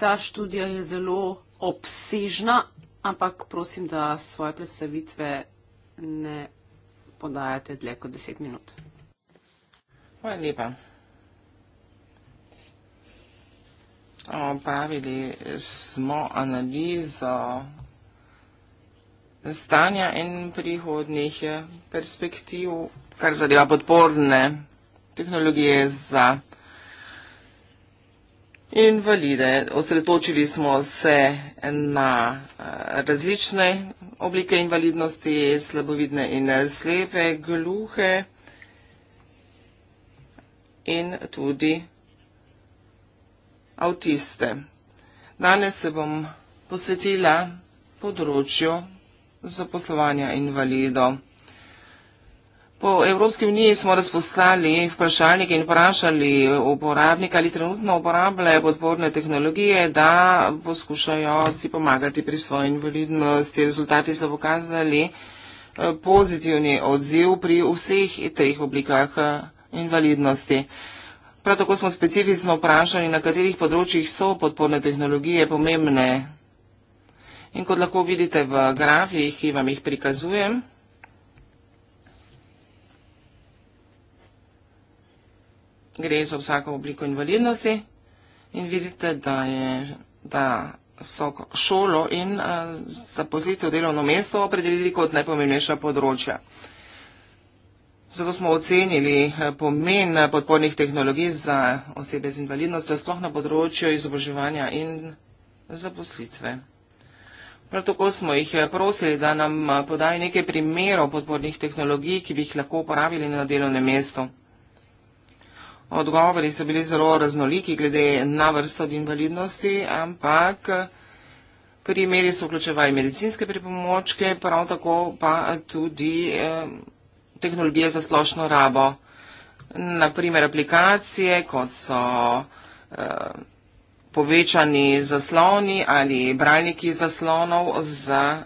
Ta študija je zelo obsežna, ampak prosim, da svoje predstavitve ne podajate dlje kot deset minut. Hvala lepa. opravili smo analizo stanja in prihodnih perspektiv, kar zadeva podporne tehnologije za invalide. Osredotočili smo se na eh, različne oblike invalidnosti, slabovidne in slepe, gluhe in tudi invalidnosti avtiste. Danes se bom posvetila področju zaposlovanja invalidov. Po Evropski uniji smo razpostali vprašalnik in vprašali uporabnika ali trenutno uporabljajo podporne tehnologije, da poskušajo si pomagati pri svoji invalidnosti. Rezultati so pokazali eh, pozitivni odziv pri vseh treh oblikah eh, invalidnosti. Prav tako smo specifično vprašali, na katerih področjih so podporne tehnologije pomembne. In kot lahko vidite v grafih, ki vam jih prikazujem, gre za vsako obliko invalidnosti in vidite, da, je, da so šolo in eh, zaposlitev delovno mesto opredelili kot najpomembnejša področja. Zato smo ocenili eh, pomen eh, podpornih tehnologij za osebe z invalidnostjo, sploh na področju izobraževanja in zaposlitve. Prav tako smo jih eh, prosili, da nam podajo nekaj primerov podpornih tehnologij, ki bi jih lahko uporabili na delovnem mestu. Odgovori so bili zelo raznoliki glede na vrsto invalidnosti, ampak primeri so vključevali medicinske pripomočke, prav tako pa tudi. Eh, tehnologije za splošno rabo, naprimer aplikacije, kot so eh, povečani zasloni ali braljniki zaslonov za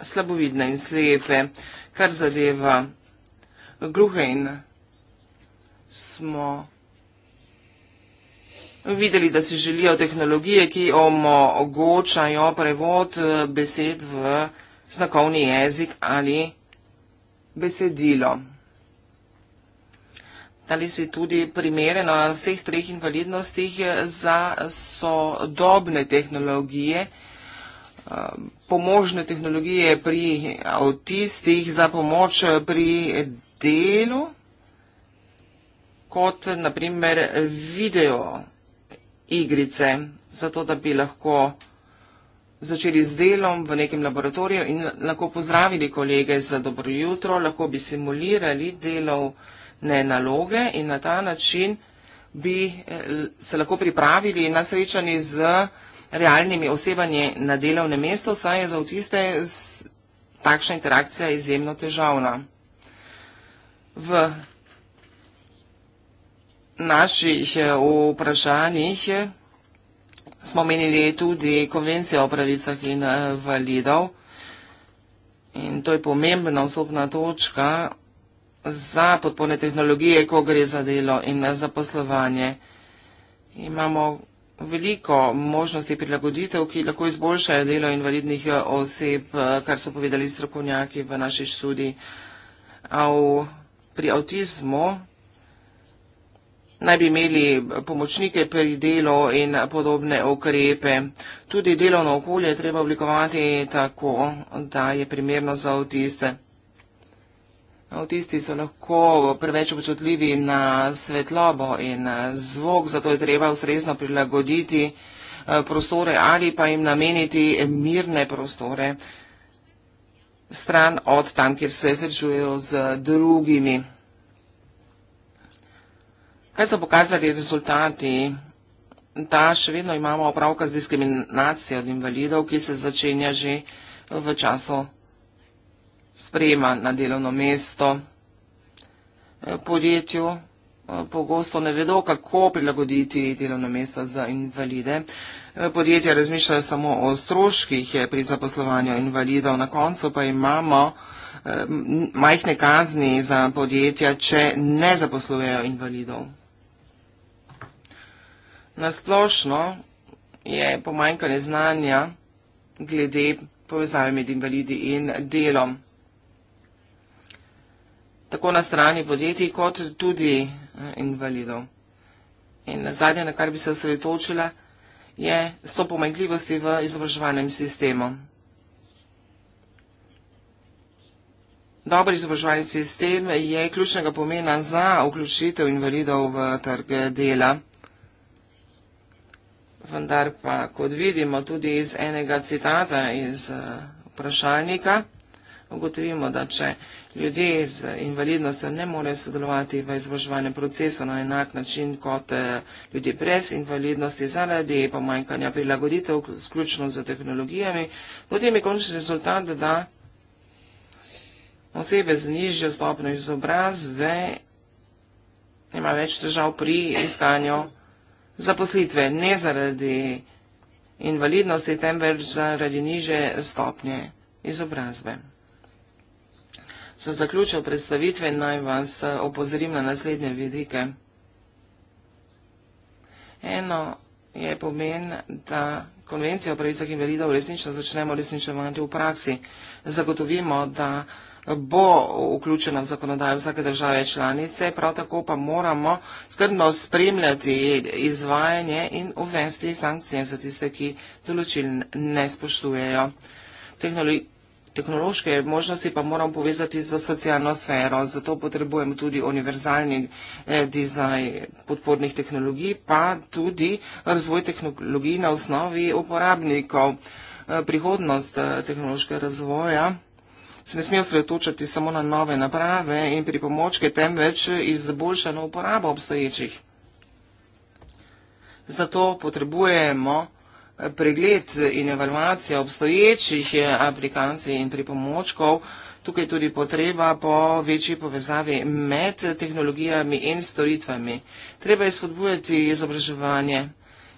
slabovidne in slepe, kar zadeva gluhe in smo videli, da si želijo tehnologije, ki omogočajo prevod eh, besed v znakovni jezik ali jezik besedilo. Ali si tudi primere na vseh treh invalidnostih za sodobne tehnologije, pomožne tehnologije pri avtistih za pomoč pri delu, kot naprimer video igrice, zato da bi lahko začeli z delom v nekem laboratoriju in lahko pozdravili kolege za dobro jutro, lahko bi simulirali delovne naloge in na ta način bi eh, se lahko pripravili na srečanje z realnimi osebami na delovnem mestu, saj je za avtiste takšna interakcija izjemno težavna. V naših eh, vprašanjih je, eh, smo menili tudi konvencijo o pravicah invalidov. Eh, in to je pomembna vstopna točka za podporne tehnologije, ko gre za delo in za poslovanje. Imamo veliko možnosti prilagoditev, ki lahko izboljšajo delo invalidnih eh, oseb, eh, kar so povedali strokovnjaki v naši študiji. Pri avtizmu naj bi imeli pomočnike pri delu in podobne okrepe. Tudi delovno okolje treba oblikovati tako, da je primerno za avtiste. Avtisti so lahko preveč občutljivi na svetlobo in zvok, zato je treba ustrezno prilagoditi eh, prostore ali pa jim nameniti mirne prostore stran od tam, kjer se srečujejo z drugimi. Kaj so pokazali rezultati? Da še vedno imamo opravka z diskriminacijo od invalidov, ki se začenja že v času sprejema na delovno mesto. Eh, podjetju eh, pogosto ne vedo, kako prilagoditi delovno mesto za invalide. Eh, podjetja razmišljajo samo o stroških pri zaposlovanju invalidov. Na koncu pa imamo majhne kazni za podjetja, če ne zaposlujejo invalidov. Nasplošno je pomanjkanje znanja glede povezave med invalidi in delom. Tako na strani podjetij, kot tudi eh, invalidov. In zadnje, na kar bi se osredotočila, so pomanjkljivosti v izobraževalnem sistemu. Dobri izobraževalni sistem je ključnega pomena za vključitev invalidov v trg dela vendar pa, kot vidimo tudi iz enega citata iz eh, vprašalnika, ugotovimo, da če ljudje z invalidnostjo ne morejo sodelovati v izvrževanju procesa na enak način kot eh, ljudi brez invalidnosti zaradi pomanjkanja prilagoditev, sključno z tehnologijami, potem je končni rezultat, da osebe z nižjo stopno izobrazbe ima več težav pri iskanju zaposlitve, ne zaradi invalidnosti, temveč zaradi niže stopnje izobrazbe. Za zaključil predstavitve naj vas eh, opozorim na naslednje vidike. Eno je pomen, da konvencija o pravicah invalidov resnično začnemo resničevati v praksi. Zagotovimo, da vsega bo vključena v zakonodajo vsake države članice, prav tako pa moramo skrbno spremljati izvajanje in uvesti sankcije za tiste, ki določil ne spoštujejo. Tehnološke možnosti pa moramo povezati z socialno sfero, zato potrebujemo tudi univerzalni eh, dizajn podpornih tehnologij, pa tudi razvoj tehnologij na osnovi uporabnikov. Eh, prihodnost eh, tehnološkega razvoja se ne sme osredotočati samo na nove naprave in pripomočke, temveč izboljšano uporabo obstoječih. Zato potrebujemo pregled in evalvacijo obstoječih aplikacij in pripomočkov, tukaj tudi potreba po večji povezavi med tehnologijami in storitvami. Treba je spodbujati izobraževanje,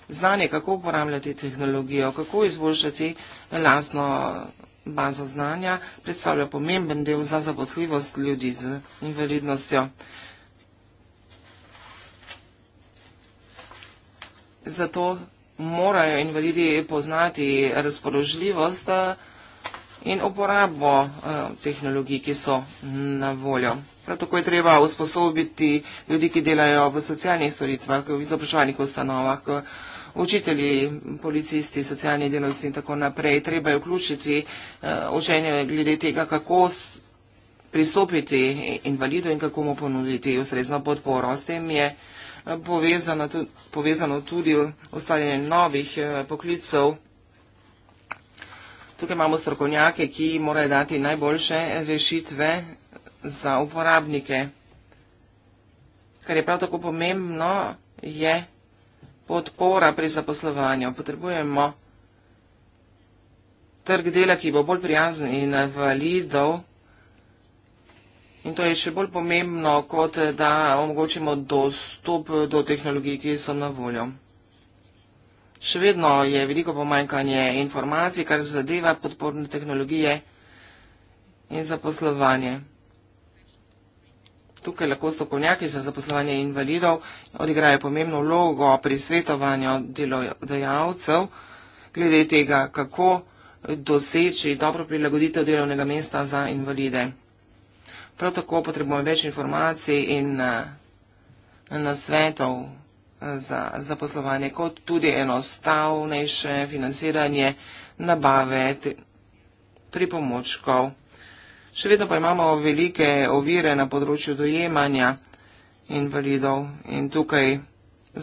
znanje, kako uporabljati tehnologijo, kako izboljšati lasno bazo znanja predstavlja pomemben del za zaposljivost ljudi z invalidnostjo. Zato morajo invalidi poznati razpoložljivost eh, in uporabo eh, tehnologij, ki so na voljo. Prav tako je treba usposobiti ljudi, ki delajo v socialnih storitvah, v izobraževalnih ustanovah, v izobraževalnih ustanovah, učitelji, policisti, socialni delovci in tako naprej. Treba je vključiti eh, učenje glede tega, kako pristopiti invalidu in kako mu ponuditi ustrezno podporo. S tem je eh, povezano, povezano tudi ustvarjanje novih eh, poklicov. Tukaj imamo strokovnjake, ki morajo dati najboljše rešitve za uporabnike. Kar je prav tako pomembno, je podpora pri zaposlovanju. Potrebujemo trg dela, ki bo bolj prijazen in validov. In to je še bolj pomembno, kot da omogočimo dostop do tehnologij, ki so na voljo. Še vedno je veliko pomanjkanje informacij, kar zadeva podporne tehnologije in zaposlovanje tukaj lahko stokovnjaki za zaposlovanje invalidov odigrajo pomembno vlogo pri svetovanju delodajalcev glede tega, kako doseči dobro prilagoditev delovnega mesta za invalide. Prav tako potrebujemo več informacij in eh, nasvetov eh, za zaposlovanje, kot tudi enostavnejše financiranje nabave pripomočkov. Še vedno pa imamo velike ovire na področju dojemanja invalidov in tukaj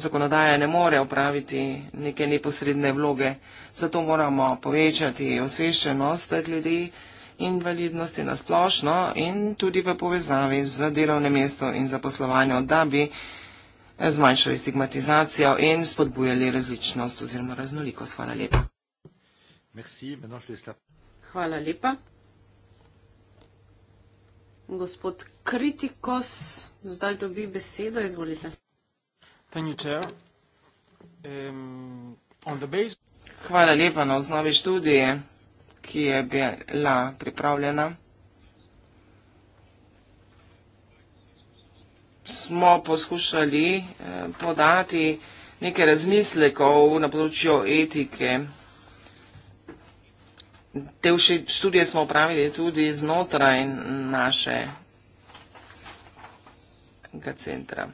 zakonodaja ne more upraviti neke neposredne vloge. Zato moramo povečati osveščenost glede invalidnosti na splošno in tudi v povezavi z delovnem mestom in zaposlovanjem, da bi zmanjšali stigmatizacijo in spodbujali različnost oziroma raznolikost. Hvala lepa. Merci, Hvala lepa. Gospod Kritikos, zdaj dobi besedo, izvolite. Thank you, Chair. Um, on the base... Hvala lepa na osnovi študije, ki je bila pripravljena. Smo poskušali eh, podati nekaj razmislekov na področju etike te študije smo opravili tudi znotraj našega centra.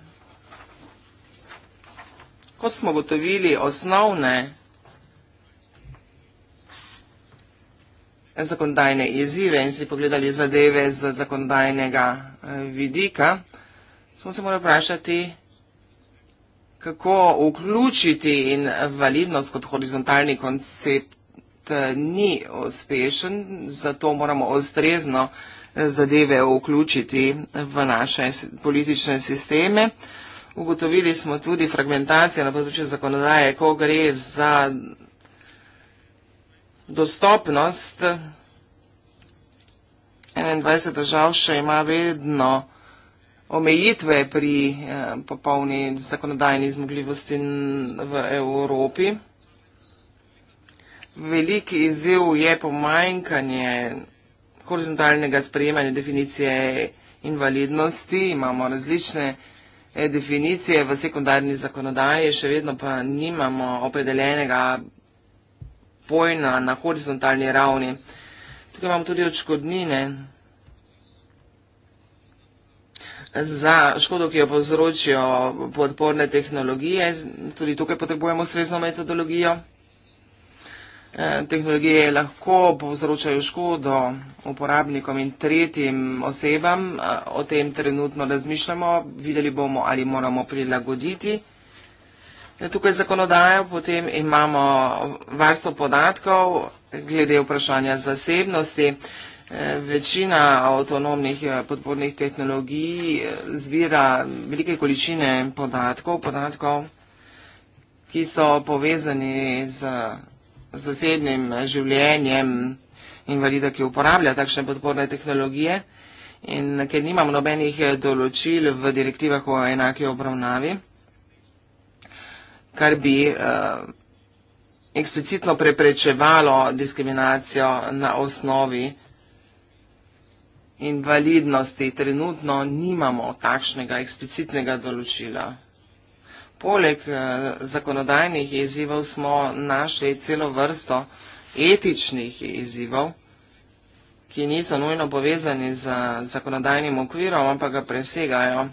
Ko smo gotovili osnovne zakondajne izzive in si pogledali zadeve z zakondajnega eh, vidika, smo se morali vprašati, kako vključiti in validnost kot horizontalni koncept Eh, ni uspešen, zato moramo ostrezno eh, zadeve vključiti v naše politične sisteme. Ugotovili smo tudi fragmentacijo na področju zakonodaje, ko gre za dostopnost. 21 držav še ima vedno omejitve pri eh, popolni zakonodajni zmogljivosti v Evropi veliki izziv je pomanjkanje horizontalnega sprejemanja definicije invalidnosti. Imamo različne eh, definicije v sekundarni zakonodaji, še vedno pa nimamo opredeljenega pojna na horizontalni ravni. Tukaj imamo tudi odškodnine za škodo, ki jo povzročijo podporne tehnologije. Tudi tukaj potrebujemo srezno metodologijo tehnologije lahko povzročajo škodo uporabnikom in tretjim osebam. O tem trenutno razmišljamo, videli bomo, ali moramo prilagoditi. Eh, tukaj zakonodajo, potem imamo varstvo podatkov glede vprašanja zasebnosti. Eh, večina avtonomnih eh, podpornih tehnologij zbira velike količine podatkov, podatkov ki so povezani z z zasebnim življenjem invalida, ki uporablja takšne podporne tehnologije. In ker nimamo nobenih eh, določil v direktivah o enaki obravnavi, kar bi uh, eksplicitno preprečevalo diskriminacijo na osnovi invalidnosti, trenutno nimamo takšnega eksplicitnega določila. Poleg eh, zakonodajnih izzivov smo našli celo vrsto etičnih izzivov, ki niso nujno povezani z zakonodajnim okvirom, ampak ga presegajo.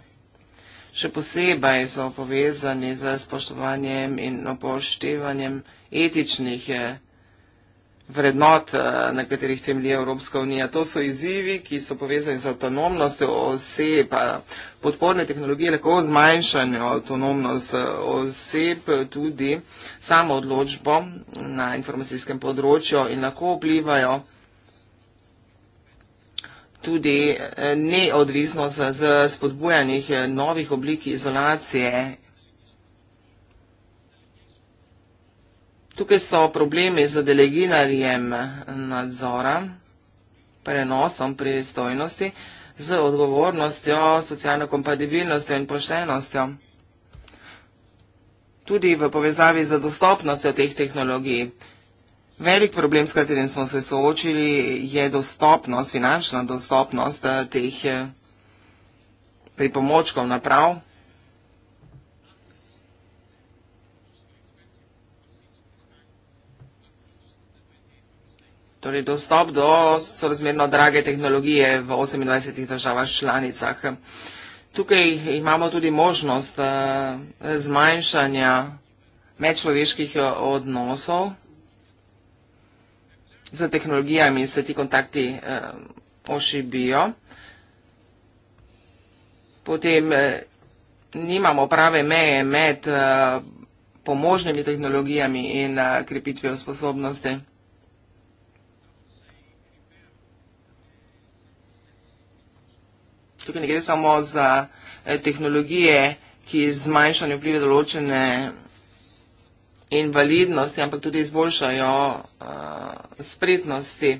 Še posebej so povezani z spoštovanjem in opoštevanjem etičnih izzivov eh, vrednot, eh, na katerih temelji Evropska unija. To so izzivi, ki so povezani z avtonomnostjo oseb, podporne tehnologije lahko zmanjšanje avtonomnost eh, oseb, tudi samo odločbo na informacijskem področju in lahko vplivajo tudi eh, neodvisnost z spodbujanjih novih oblik izolacije Tukaj so problemi z deleginarjem nadzora, prenosom pristojnosti, z odgovornostjo, socijalno kompatibilnostjo in poštenostjo. Tudi v povezavi z dostopnostjo teh tehnologij. Velik problem, s katerim smo se soočili, je dostopnost, finančna dostopnost eh, teh eh, pripomočkov naprav. torej dostop do sorazmerno drage tehnologije v 28 državah članicah. Tukaj imamo tudi možnost eh, zmanjšanja medčloveških eh, odnosov. Z tehnologijami se ti kontakti eh, ošibijo. Potem nimamo prave meje med pomožnimi tehnologijami in krepitvijo sposobnosti. Tukaj ne gre samo za eh, tehnologije, ki zmanjšajo vplive določene invalidnosti, ampak tudi izboljšajo uh, spretnosti.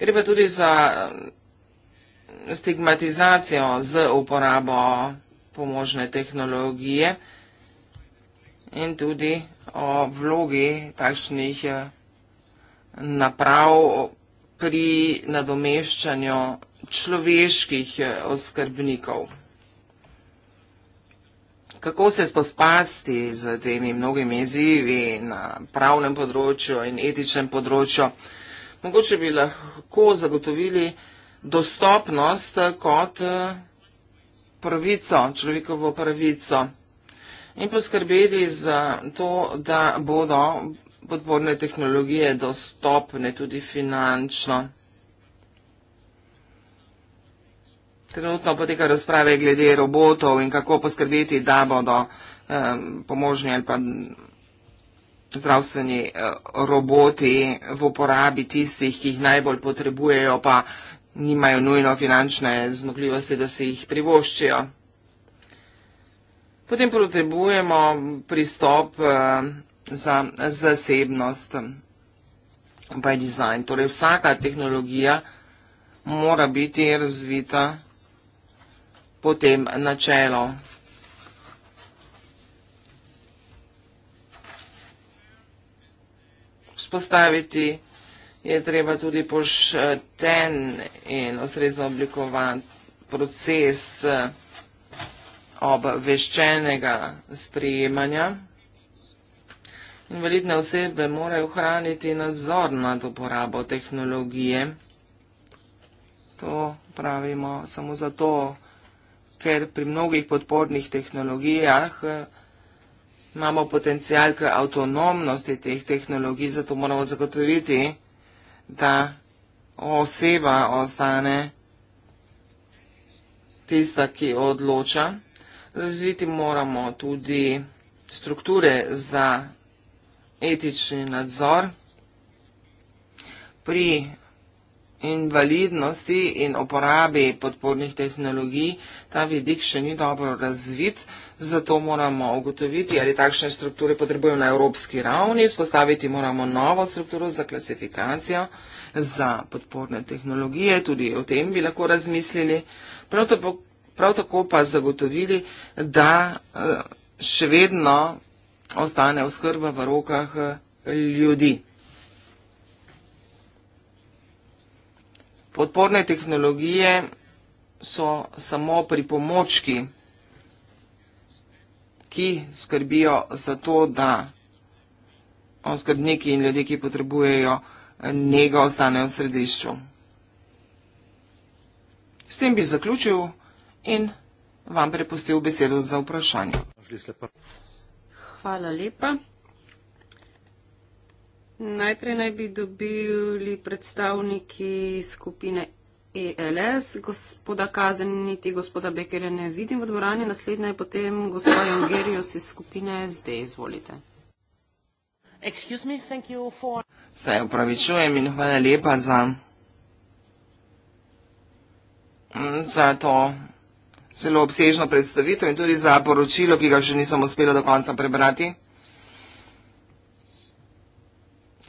Gre pa tudi za eh, stigmatizacijo z uporabo pomožne tehnologije in tudi o vlogi takšnih naprav pri nadomeščanju človeških eh, oskrbnikov. Kako se spospasti z temi mnogimi izzivi na pravnem področju in etičnem področju? Mogoče bi lahko zagotovili dostopnost kot eh, pravico, človekovo pravico in poskrbeli za to, da bodo podporne tehnologije dostopne tudi finančno. Trenutno poteka razprave glede robotov in kako poskrbeti, da bodo um, pomožni ali pa zdravstveni uh, roboti v uporabi tistih, ki jih najbolj potrebujejo, pa nimajo nujno finančne zmogljivosti, da si jih privoščijo. Potem potrebujemo pristop uh, za zasebnost by design. Torej vsaka tehnologija mora biti razvita potem načelo. Vzpostaviti je treba tudi pošten in osrezno oblikovan proces eh, obveščenega sprejemanja. Invalidne osebe morajo ohraniti nadzor nad uporabo tehnologije. To pravimo samo zato, da je to ker pri mnogih podpornih tehnologijah eh, imamo potencijal k avtonomnosti teh tehnologij, zato moramo zagotoviti, da oseba ostane tista, ki odloča. Razviti moramo tudi strukture za etični nadzor. Pri invalidnosti in uporabi podpornih tehnologij ta vidik še ni dobro razvit, zato moramo ugotoviti, ali takšne strukture potrebujemo na evropski ravni, spostaviti moramo novo strukturo za klasifikacijo za podporne tehnologije, tudi o tem bi lahko razmislili, prav tako, prav tako pa zagotovili, da eh, še vedno ostane oskrba v rokah eh, ljudi. Podporne tehnologije so samo pri pomočki, ki skrbijo za to, da oskrbniki in ljudje, ki potrebujejo njega, ostanejo v središču. S tem bi zaključil in vam prepustil besedo za vprašanje. Hvala lepa. Najprej naj bi dobili predstavniki skupine ELS, gospoda Kazen, niti gospoda Bekerja ne vidim v dvorani, naslednja je potem gospod Jongerijos iz skupine SD, izvolite. Se upravičujem in hvala lepa za, za to zelo obsežno predstavitev in tudi za poročilo, ki ga še nisem uspela do konca prebrati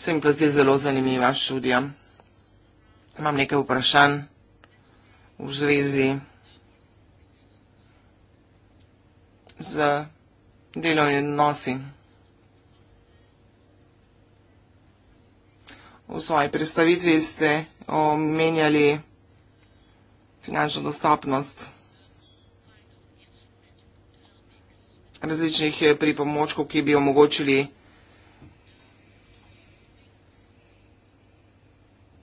se mi pa zdi zelo zanimiva študija. Imam nekaj vprašanj v zvezi z delovnimi odnosi V svoji predstavitvi ste omenjali finančno dostopnost različnih pripomočkov, ki bi omogočili vsega,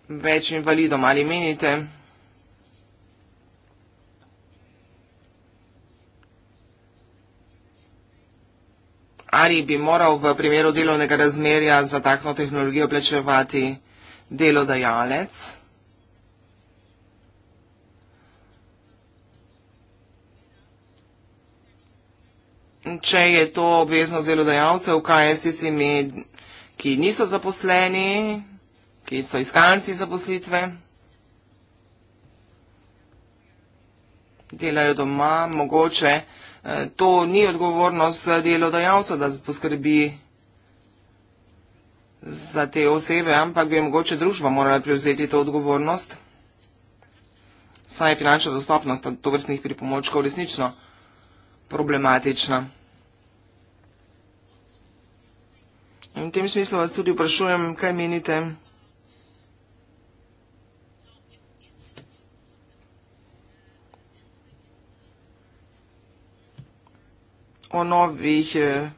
več invalidom. Ali menite, ali bi moral v primeru delovnega razmerja za takšno tehnologijo plačevati delodajalec? Če je to obveznost delodajalcev, kaj je s tistimi, ki niso zaposleni, ki so iskalci zaposlitve, delajo doma, mogoče eh, to ni odgovornost delodajalca, da poskrbi za te osebe, ampak bi mogoče družba morala prevzeti to odgovornost. Saj je finančna dostopnost to vrstnih pripomočkov resnično problematična. In v tem smislu vas tudi vprašujem, kaj menite, o novih eh,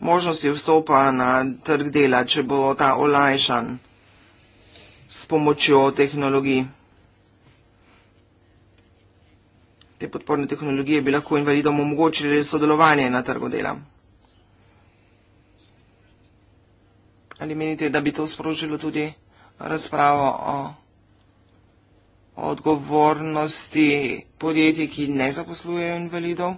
možnosti vstopa na trg dela, če bo ta olajšan s pomočjo tehnologij. Te podporne tehnologije bi lahko invalidom omogočili sodelovanje na trgu dela. Ali menite, da bi to sprožilo tudi razpravo o odgovornosti podjetij, ki ne zaposlujejo invalidov?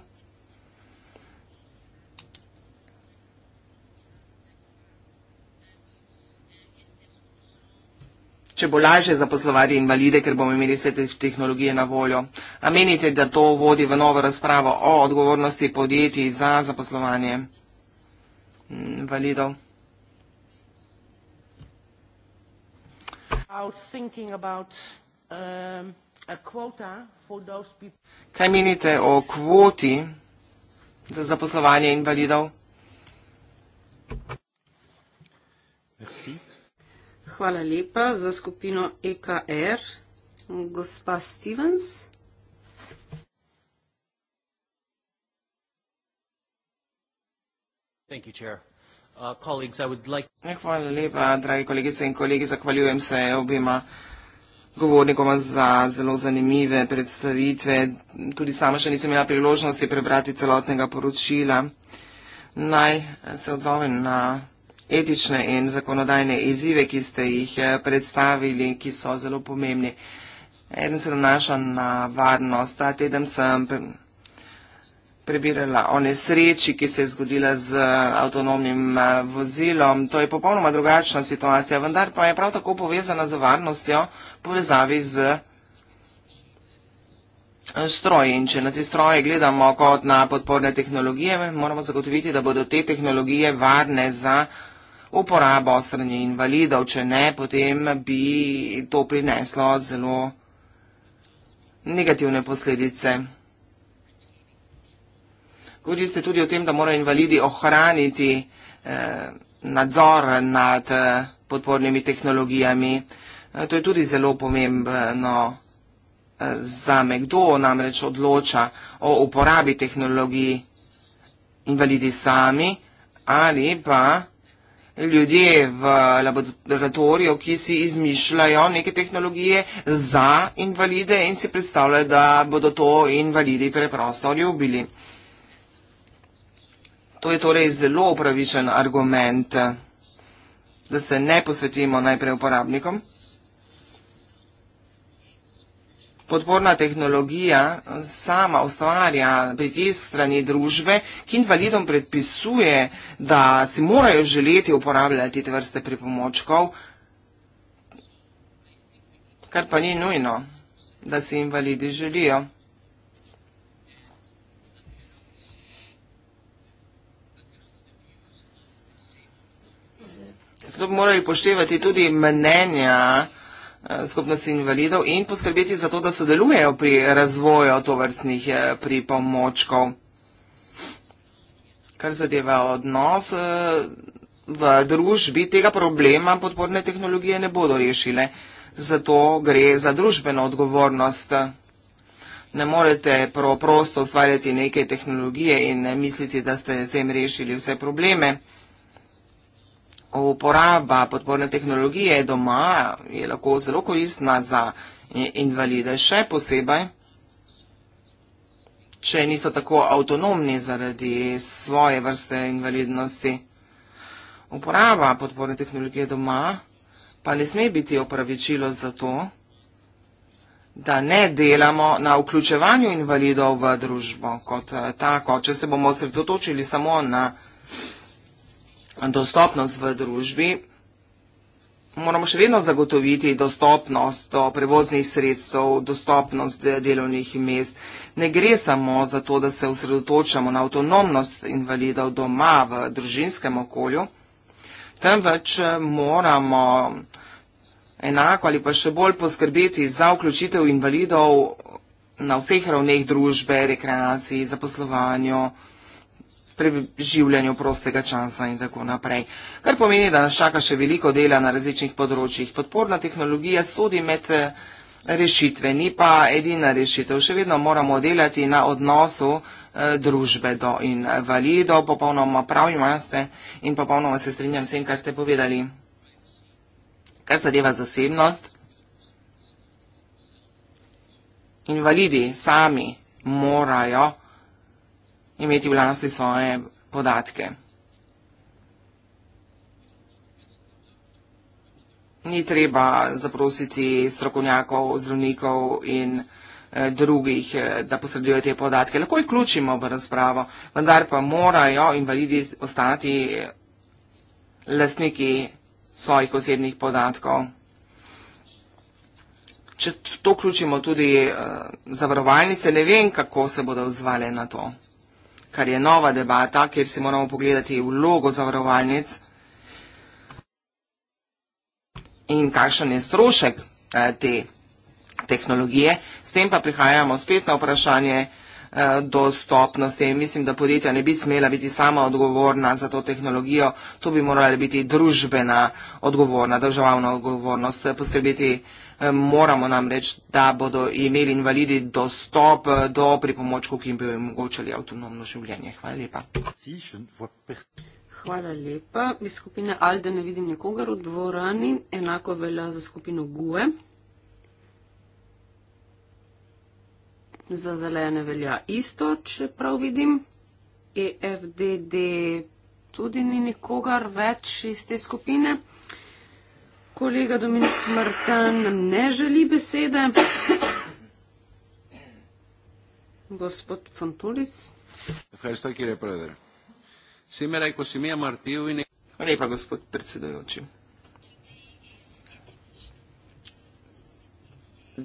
če bo lažje zaposlovati invalide, ker bomo imeli vse te tehnologije na voljo. A menite, da to vodi v novo razpravo o odgovornosti podjetij za zaposlovanje invalidov? Um, Kaj menite o kvoti za zaposlovanje invalidov? Hvala lepa za skupino EKR. Gospa Stevens. Thank you, Chair. Uh, colleagues, I would like... Hvala lepa, dragi kolegice in kolegi. Zahvaljujem se obima govornikoma za zelo zanimive predstavitve. Tudi sama še nisem imela priložnosti prebrati celotnega poročila. Naj se odzovem na etične in zakonodajne izzive, ki ste jih eh, predstavili, ki so zelo pomembni. Eden se nanaša na varnost. Ta teden sem prebirala o nesreči, ki se je zgodila z eh, avtonomnim eh, vozilom. To je popolnoma drugačna situacija, vendar pa je prav tako povezana z varnostjo povezavi z stroji. In če na te stroje gledamo kot na podporne tehnologije, moramo zagotoviti, da bodo te tehnologije varne za uporabo strani invalidov, če ne, potem bi to prineslo zelo negativne posledice. Govorili ste tudi o tem, da morajo invalidi ohraniti eh, nadzor nad eh, podpornimi tehnologijami. Eh, to je tudi zelo pomembno eh, za me. Kdo namreč odloča o uporabi tehnologij invalidi sami ali pa eh, ljudje v laboratoriju, ki si izmišljajo neke tehnologije za invalide in si predstavljajo, da bodo to invalidi preprosto ljubili. To je torej zelo upravičen argument, da se ne posvetimo najprej uporabnikom. podporna tehnologija sama ustvarja pritisk strani družbe, ki invalidom predpisuje, da si morajo želeti uporabljati te vrste pripomočkov, kar pa ni nujno, da si invalidi želijo. Zato bi morali poštevati tudi mnenja, Eh, skupnosti invalidov in poskrbeti za to, da sodelujejo pri razvoju tovrstnih eh, pripomočkov. Kar zadeva odnos eh, v družbi, tega problema podporne tehnologije ne bodo rešile. Zato gre za družbeno odgovornost. Ne morete prav prosto ustvarjati neke tehnologije in misliti, da ste s tem rešili vse probleme. Uporaba podporne tehnologije doma je lahko zelo koristna za invalide, še posebej, če niso tako avtonomni zaradi svoje vrste invalidnosti. Uporaba podporne tehnologije doma pa ne sme biti opravičilo za to, da ne delamo na vključevanju invalidov v družbo kot eh, tako, če se bomo sredotočili samo na vključevanju dostopnost v družbi, moramo še vedno zagotoviti dostopnost do prevoznih sredstev, dostopnost delovnih mest. Ne gre samo za to, da se usredotočamo na avtonomnost invalidov doma v družinskem okolju, temveč eh, moramo enako ali pa še bolj poskrbeti za vključitev invalidov na vseh ravneh družbe, rekreaciji, zaposlovanju, preživljanju prostega časa in tako naprej. Kar pomeni, da nas čaka še veliko dela na različnih področjih. Podporna tehnologija sodi med eh, rešitve, ni pa edina rešitev. Še vedno moramo delati na odnosu eh, družbe do invalidov, popolnoma prav imate in popolnoma se strinjam vsem, kar ste povedali. Kar zadeva zasebnost, invalidi sami morajo imeti v lasti svoje podatke. Ni treba zaprositi strokovnjakov, zdravnikov in eh, drugih, eh, da posredujejo te podatke. Lahko jih ključimo v razpravo, vendar pa morajo invalidi ostati eh, lastniki svojih osebnih podatkov. Če to ključimo tudi zavarovalnice, ne vem, kako se bodo odzvale na to kar je nova debata, kjer si moramo pogledati vlogo zavarovalnic in kakšen je strošek eh, te tehnologije. S tem pa prihajamo spet na vprašanje, Eh, dostopnosti. Mislim, da podjetja ne bi smela biti sama odgovorna za to tehnologijo, to bi morala biti družbena odgovorna, državna odgovornost, poskrbeti eh, moramo nam reči, da bodo imeli invalidi dostop eh, do pripomočku, ki jim bi omogočali avtonomno življenje. Hvala lepa. Hvala lepa. Iz skupine Alde ne vidim nikogar v dvorani, enako velja za skupino GUE. Za zelene velja isto, če prav vidim. EFDD tudi ni nikogar več iz te skupine. Kolega Dominik Martan nam ne želi besede. Gospod Fantulis. Fersta, kjer je preder. Sime rekel, si mi je Martiju in... Lepa, gospod predsedujoči.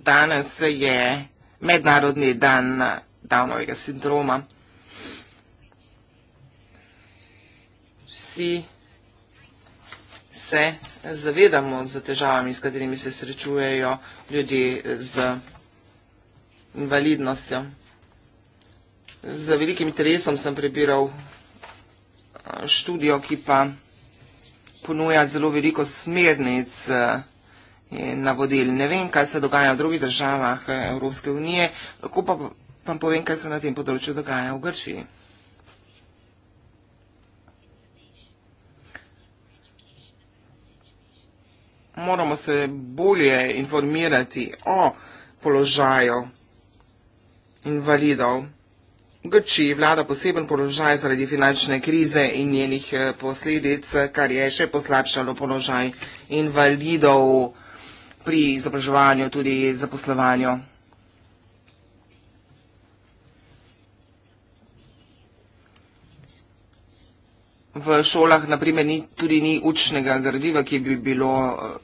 Danes se je mednarodni dan Downovega sindroma. Vsi se zavedamo z težavami, s katerimi se srečujejo ljudje z invalidnostjo. Z velikim interesom sem prebiral eh, študijo, ki pa ponuja zelo veliko smernic eh, navodil. Ne vem, kaj se dogaja v drugih državah eh, Evropske unije, lahko pa vam povem, kaj se na tem področju dogaja v Grčiji. Moramo se bolje informirati o položaju invalidov. Grči vlada poseben položaj zaradi finančne krize in njenih eh, posledic, kar je še poslabšalo položaj invalidov pri izobraževanju, tudi zaposlovanju. V šolah naprimer ni, tudi ni učnega gradiva, ki bi bilo eh,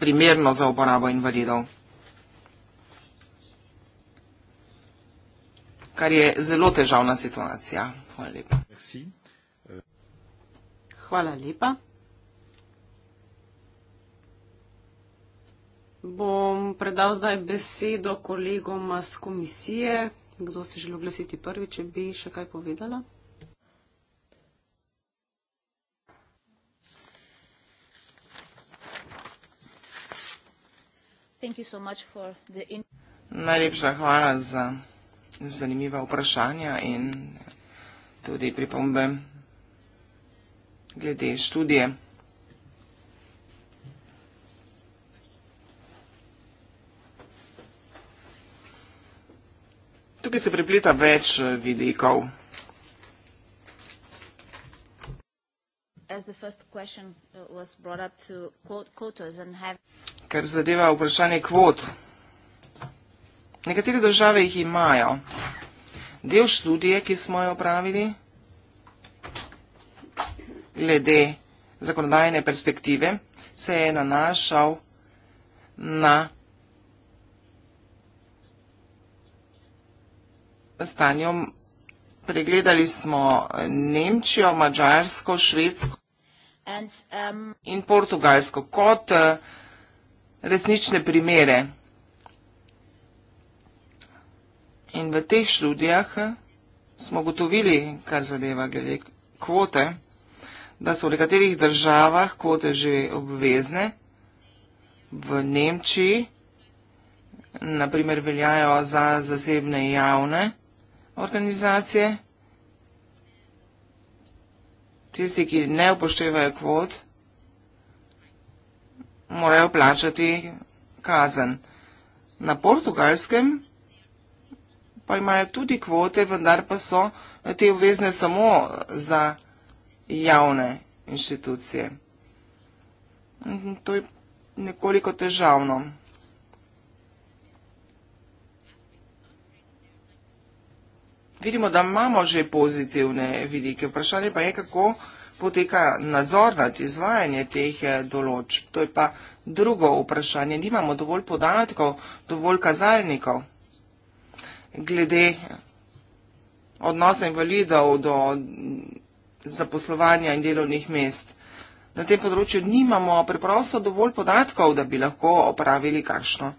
primerno za uporabo invalidov. Kar je zelo težavna situacija. Hvala lepa. Hvala lepa. Bom predal zdaj besedo kolegoma z komisije. Kdo se želi oglasiti prvi, če bi še kaj povedala? So Najlepša hvala za zanimiva vprašanja in tudi pripombe glede študije. tukaj se prepleta več eh, vidikov. Uh, Ker zadeva vprašanje kvot. Nekatere države jih imajo. Del študije, ki smo jo pravili, glede zakonodajne perspektive, se je nanašal na stanjom. Pregledali smo Nemčijo, Mačarsko, Švedsko And, um, in Portugalsko kot eh, resnične primere. In v teh študijah eh, smo gotovili, kar zadeva glede kvote, da so v nekaterih državah kvote že obvezne. V Nemčiji, naprimer, veljajo za zasebne javne organizacije, tisti, ki ne upoštevajo kvot, morajo plačati kazen. Na portugalskem pa imajo tudi kvote, vendar pa so te obvezne samo za javne inštitucije. To je nekoliko težavno. vidimo, da imamo že pozitivne vidike. Vprašanje pa je, kako poteka nadzor nad izvajanje teh eh, določb. To je pa drugo vprašanje. Nimamo dovolj podatkov, dovolj kazalnikov glede odnosa invalidov do zaposlovanja in delovnih mest. Na tem področju nimamo preprosto dovolj podatkov, da bi lahko opravili kakšno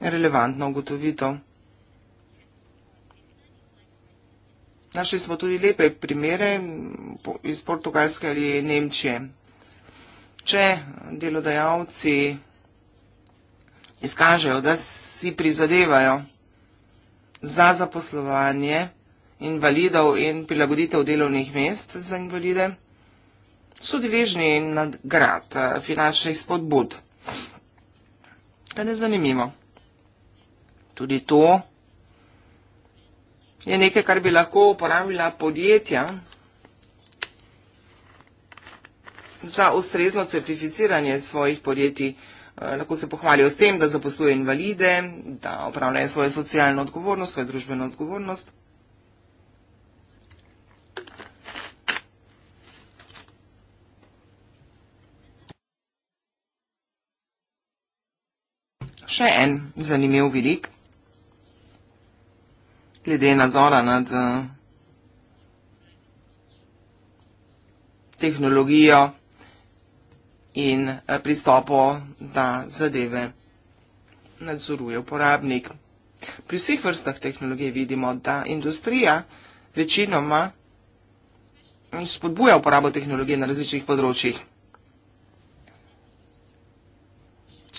relevantno ugotovitev. Našli smo tudi lepe primere iz Portugalske ali Nemčije. Če delodajalci izkažejo, da si prizadevajo za zaposlovanje invalidov in prilagoditev delovnih mest za invalide, so deležni nagrad eh, finančnih spodbud. Kaj ne zanimivo. Tudi to je nekaj, kar bi lahko uporabila podjetja za ustrezno certificiranje svojih podjetij. Eh, lahko se pohvalijo s tem, da zaposluje invalide, da upravljajo svojo socialno odgovornost, svojo družbeno odgovornost. Še en zanimiv vidik glede nadzora nad eh, tehnologijo in eh, pristopo, da zadeve nadzoruje uporabnik. Pri vseh vrstah tehnologije vidimo, da industrija večinoma spodbuja uporabo tehnologije na različnih področjih.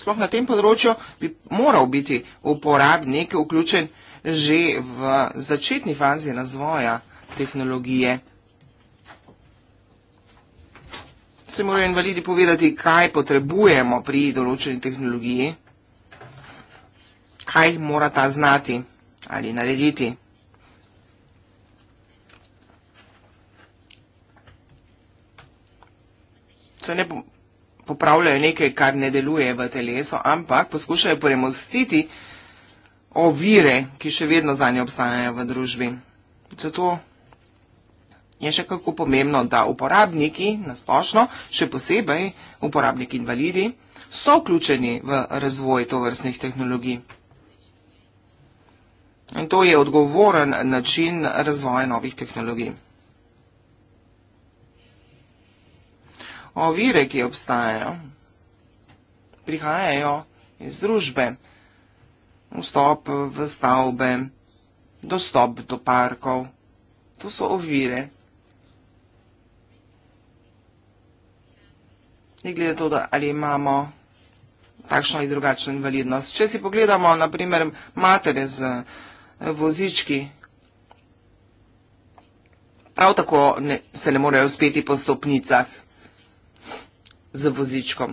sploh na tem področju bi moral biti uporabnik vključen že v začetni fazi razvoja tehnologije. Se morajo invalidi povedati, kaj potrebujemo pri določeni tehnologiji, kaj mora ta znati ali narediti. Se ne popravljajo nekaj, kar ne deluje v telesu, ampak poskušajo premostiti ovire, ki še vedno za nje obstajajo v družbi. Zato je še kako pomembno, da uporabniki na splošno, še posebej uporabniki invalidi, so vključeni v razvoj tovrstnih tehnologij. In to je odgovoren način razvoja novih tehnologij. ovire, ki obstajajo, prihajajo iz družbe, vstop v stavbe, dostop do parkov. To so ovire. Ne glede to, ali imamo takšno ali drugačno invalidnost. Če si pogledamo, naprimer, matere z eh, vozički, prav tako ne, se ne morejo uspeti po stopnicah z vozičkom.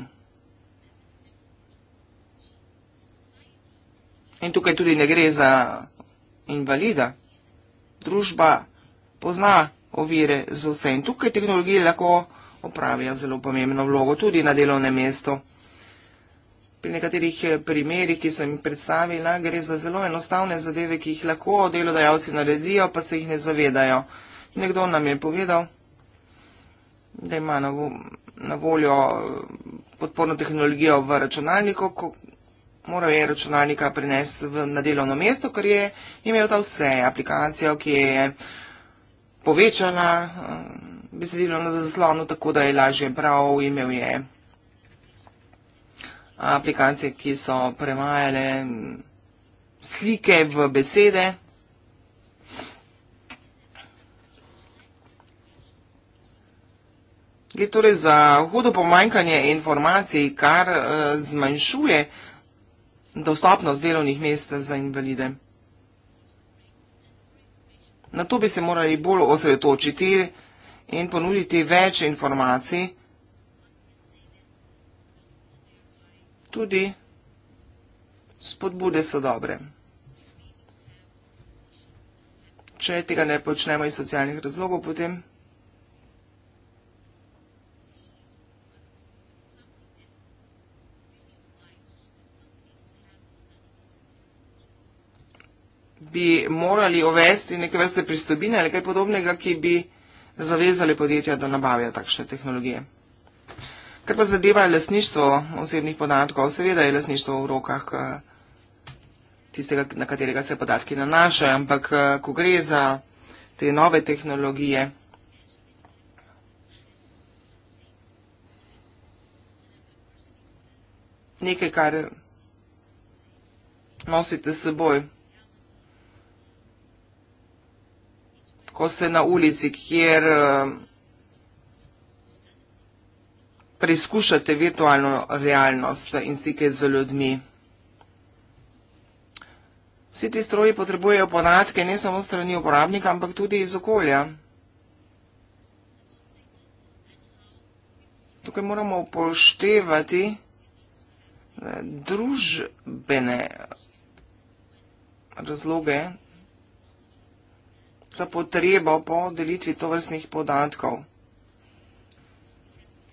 In tukaj tudi ne gre za invalida. Družba pozna ovire za vse in tukaj tehnologije lahko opravijo zelo pomembno vlogo, tudi na delovnem mestu. Pri nekaterih eh, primerih, ki sem jih predstavila, gre za zelo enostavne zadeve, ki jih lahko delodajalci naredijo, pa se jih ne zavedajo. Nekdo nam je povedal, da ima na na voljo eh, podporno tehnologijo v računalniku, ko morajo je računalnika prenesti na delovno mesto, ker je imel ta vse, aplikacijo, ki je povečana eh, besedilo na zaslonu, tako da je lažje bral, imel je eh, aplikacije, ki so premajale slike v besede. Gre torej za hudo pomanjkanje informacij, kar uh, zmanjšuje dostopnost delovnih mest za invalide. Na to bi se morali bolj osredotočiti in ponuditi več informacij. Tudi spodbude so dobre. Če tega ne počnemo iz socialnih razlogov, potem. bi morali uvesti neke vrste pristobine ali kaj podobnega, ki bi zavezali podjetja, da nabavijo takšne tehnologije. Kar pa zadeva lasništvo osebnih podatkov, seveda je lasništvo v rokah eh, tistega, na katerega se podatki nanašajo, ampak eh, ko gre za te nove tehnologije, nekaj, kar nosite s seboj, ko se na ulici, kjer eh, preizkušate virtualno realnost in stike z ljudmi. Vsi ti stroji potrebujejo podatke ne samo strani uporabnika, ampak tudi iz okolja. Tukaj moramo upoštevati eh, družbene razloge za potrebo po delitvi tovrstnih podatkov.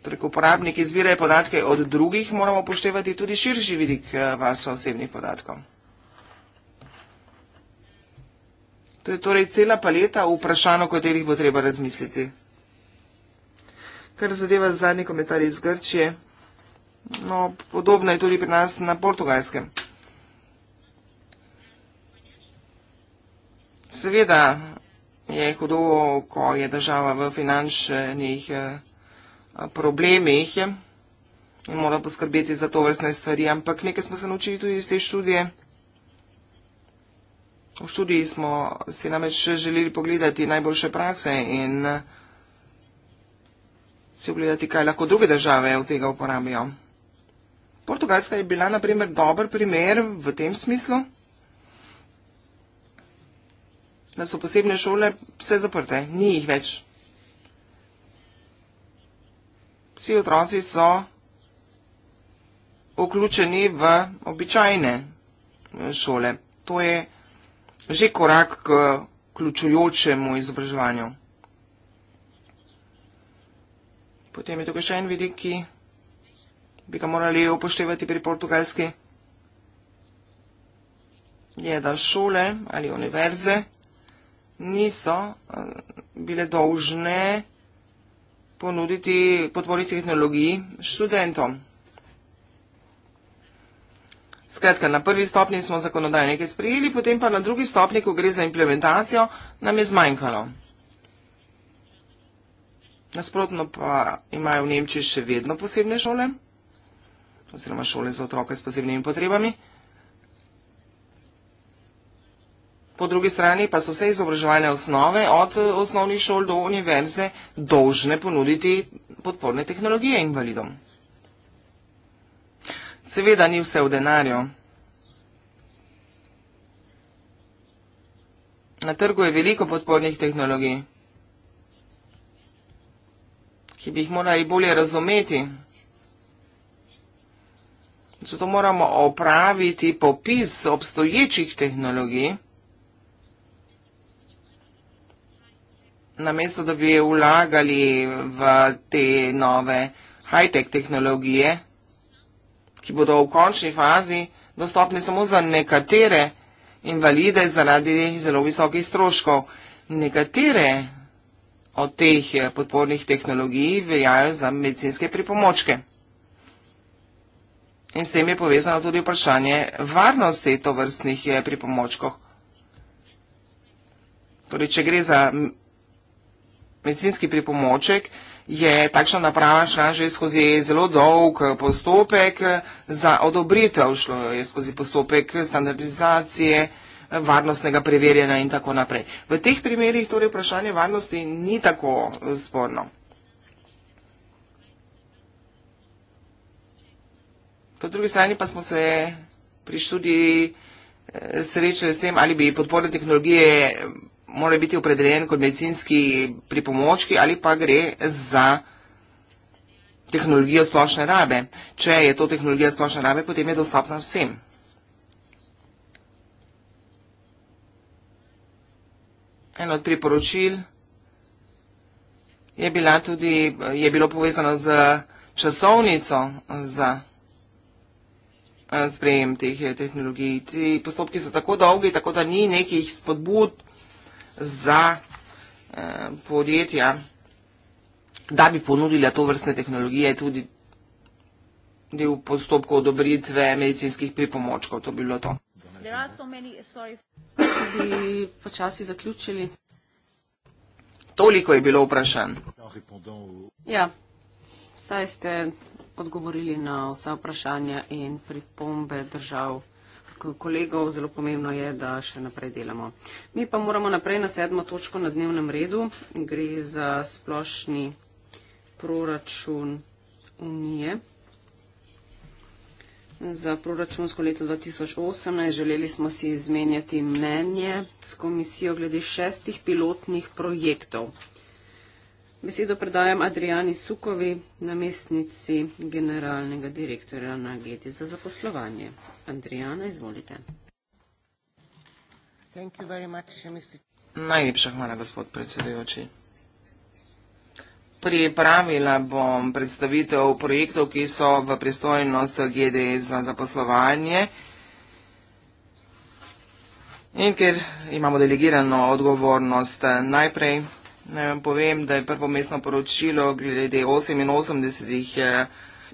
Torej, ko uporabniki zbirajo podatke od drugih, moramo upoštevati tudi širši vidik eh, varstva osebnih podatkov. To je torej cela paleta vprašanj, o katerih bo treba razmisliti. Kar zadeva zadnji komentar iz Grčije, no, podobno je tudi pri nas na portugalskem. Seveda, je hudo, ko je država v finančnih eh, problemih in mora poskrbeti za to vrstne stvari. Ampak nekaj smo se naučili tudi iz te študije. V študiji smo si namreč želeli pogledati najboljše prakse in eh, si ogledati, kaj lahko druge države od tega uporabijo. Portugalska je bila, na primer, dober primer v tem smislu da so posebne šole vse zaprte, ni jih več. Vsi otroci so vključeni v običajne eh, šole. To je že korak k ključujočemu izobraževanju. Potem je tukaj še en vidik, ki bi ga morali upoštevati pri portugalski. Je, da šole ali univerze niso eh, bile dolžne ponuditi podpori tehnologiji študentom. Skratka, na prvi stopni smo zakonodaj nekaj sprejeli, potem pa na drugi stopni, ko gre za implementacijo, nam je zmanjkalo. Nasprotno pa imajo v Nemčiji še vedno posebne šole, oziroma šole za otroke s posebnimi potrebami. Po drugi strani pa so vse izobraževalne osnove od eh, osnovnih šol do univerze dolžne ponuditi podporne tehnologije invalidom. Seveda ni vse v denarju. Na trgu je veliko podpornih tehnologij, ki bi jih morali bolje razumeti. Zato moramo opraviti popis obstoječih tehnologij, namesto da bi vlagali v te nove high-tech tehnologije, ki bodo v končni fazi dostopne samo za nekatere invalide zaradi zelo visokih stroškov. Nekatere od teh podpornih tehnologij veljajo za medicinske pripomočke. In s tem je povezano tudi vprašanje varnosti tovrstnih eh, pripomočkov. Torej, če gre za medicinski pripomoček je takšna naprava šla že skozi zelo dolg postopek za odobritev, šlo je skozi postopek standardizacije, varnostnega preverjanja in tako naprej. V teh primerjih torej vprašanje varnosti ni tako sporno. Po drugi strani pa smo se pri študiji eh, srečali s tem, ali bi podporne tehnologije povedali, mora biti opredeljen kot medicinski pripomočki ali pa gre za tehnologijo splošne rabe. Če je to tehnologija splošne rabe, potem je dostopna vsem. En od priporočil je, bila tudi, je bilo povezano z časovnico za eh, sprejem teh eh, tehnologij. Ti postopki so tako dolgi, tako da ni nekih spodbud, za eh, podjetja, da bi ponudila to vrstne tehnologije tudi del postopkov odobritve medicinskih pripomočkov. To bi bilo to. Toliko je bilo vprašanj. Ja, saj ste odgovorili na vsa vprašanja in pripombe držav kolegov, zelo pomembno je, da še naprej delamo. Mi pa moramo naprej na sedmo točko na dnevnem redu. Gre za splošni proračun Unije. Za proračunsko leto 2018 želeli smo si izmenjati mnenje s komisijo glede šestih pilotnih projektov. Besedo predajam Adriani Sukovi, namestnici generalnega direktorja na Agedi za zaposlovanje. Adriana, izvolite. Najlepša hvala, gospod predsedujoči. Pripravila bom predstavitev projektov, ki so v pristojnosti GD za zaposlovanje. In ker imamo delegirano odgovornost najprej, povem, da je prvo mestno poročilo glede 88 eh,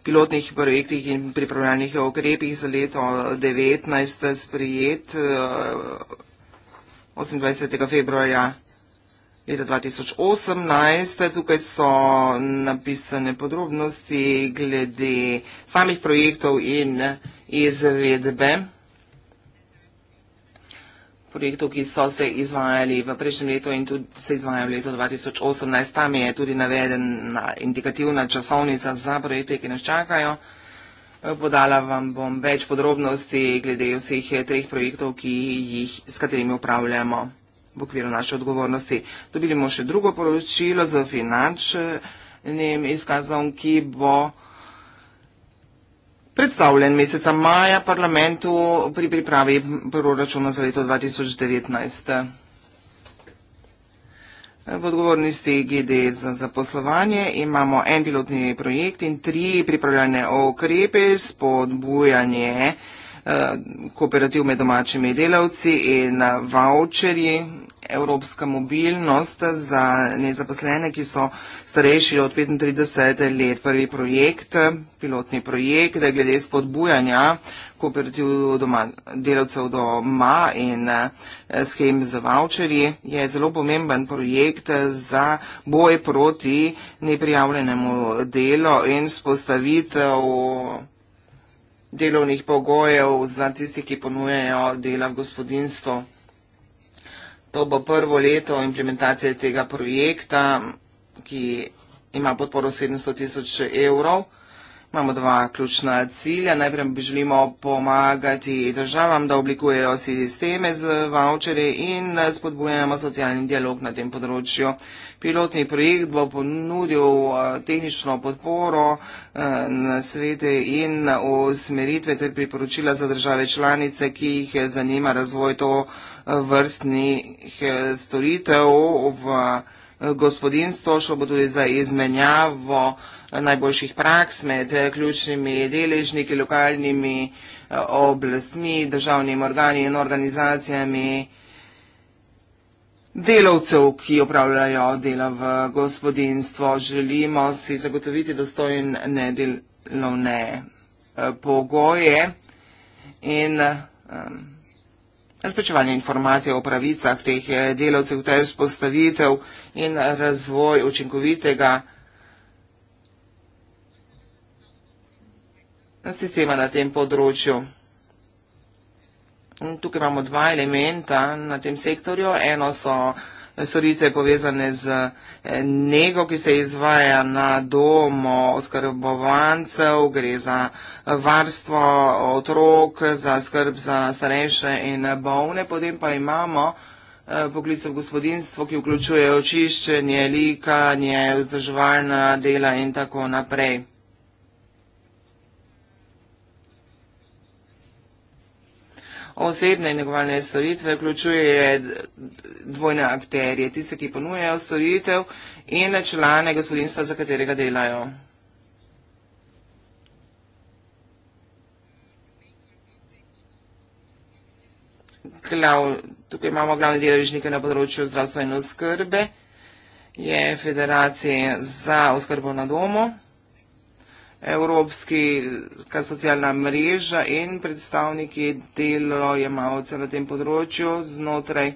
pilotnih projektih in pripravljalnih okrepih za leto 19 sprijet 28. februarja leta 2018. Tukaj so napisane podrobnosti glede samih projektov in izvedbe projektov, ki so se izvajali v prejšnjem letu in tudi se izvajajo v letu 2018. Tam je tudi navedena indikativna časovnica za projekte, ki nas čakajo. Podala vam bom več podrobnosti glede vseh treh projektov, jih, s katerimi upravljamo v okviru naše odgovornosti. Dobili bomo še drugo poročilo z finančnim izkazom, ki bo predstavljen meseca maja parlamentu pri pripravi proračuna za leto 2019. V odgovornosti GD za zaposlovanje imamo en pilotni projekt in tri pripravljene okrepe spodbujanje Eh, kooperativ med domačimi delavci in eh, voucherji, evropska mobilnost za nezaposlene, ki so starejši od 35 let. Prvi projekt, pilotni projekt, glede spodbujanja kooperativ doma, delavcev doma in eh, schem z voucherji je zelo pomemben projekt za boj proti neprijavljenemu delu in spostavitev delovnih pogojev za tisti, ki ponujejo dela v gospodinstvu. To bo prvo leto implementacije tega projekta, ki ima podporo 700 tisoč evrov. Imamo dva ključna cilja. Najprej bi želimo pomagati državam, da oblikujejo sisteme z voucheri in spodbujamo socialni dialog na tem področju. Pilotni projekt bo ponudil eh, tehnično podporo eh, na svete in usmeritve ter priporočila za države članice, ki jih zanima razvoj to eh, vrstnih storitev v gospodinstvo, šlo bo tudi za izmenjavo najboljših praks med eh, ključnimi deležniki, lokalnimi eh, oblastmi, državnimi organi in organizacijami delovcev, ki opravljajo dela v gospodinstvo. Želimo si zagotoviti dostojne delovne eh, pogoje in razprečevanje informacije o pravicah teh delovcev, ter vzpostavitev in razvoj učinkovitega delovcev. sistema na tem področju. Tukaj imamo dva elementa na tem sektorju. Eno so storitve povezane z eh, nego, ki se izvaja na domo oskrbovancev, gre za varstvo otrok, za skrb za starejše in bolne. Potem pa imamo eh, poklice v gospodinstvo, ki vključuje očiščenje, likanje, vzdrževalna dela in tako naprej. Osebne negovalne storitve vključujejo dvojne akterje, tiste, ki ponujejo storitev in člane gospodinstva, za katerega delajo. Klav, tukaj imamo glavne deležnike na področju zdravstvene oskrbe, je Federacije za oskrbo na domu evropska socialna mreža in predstavniki delojemalcev na tem področju znotraj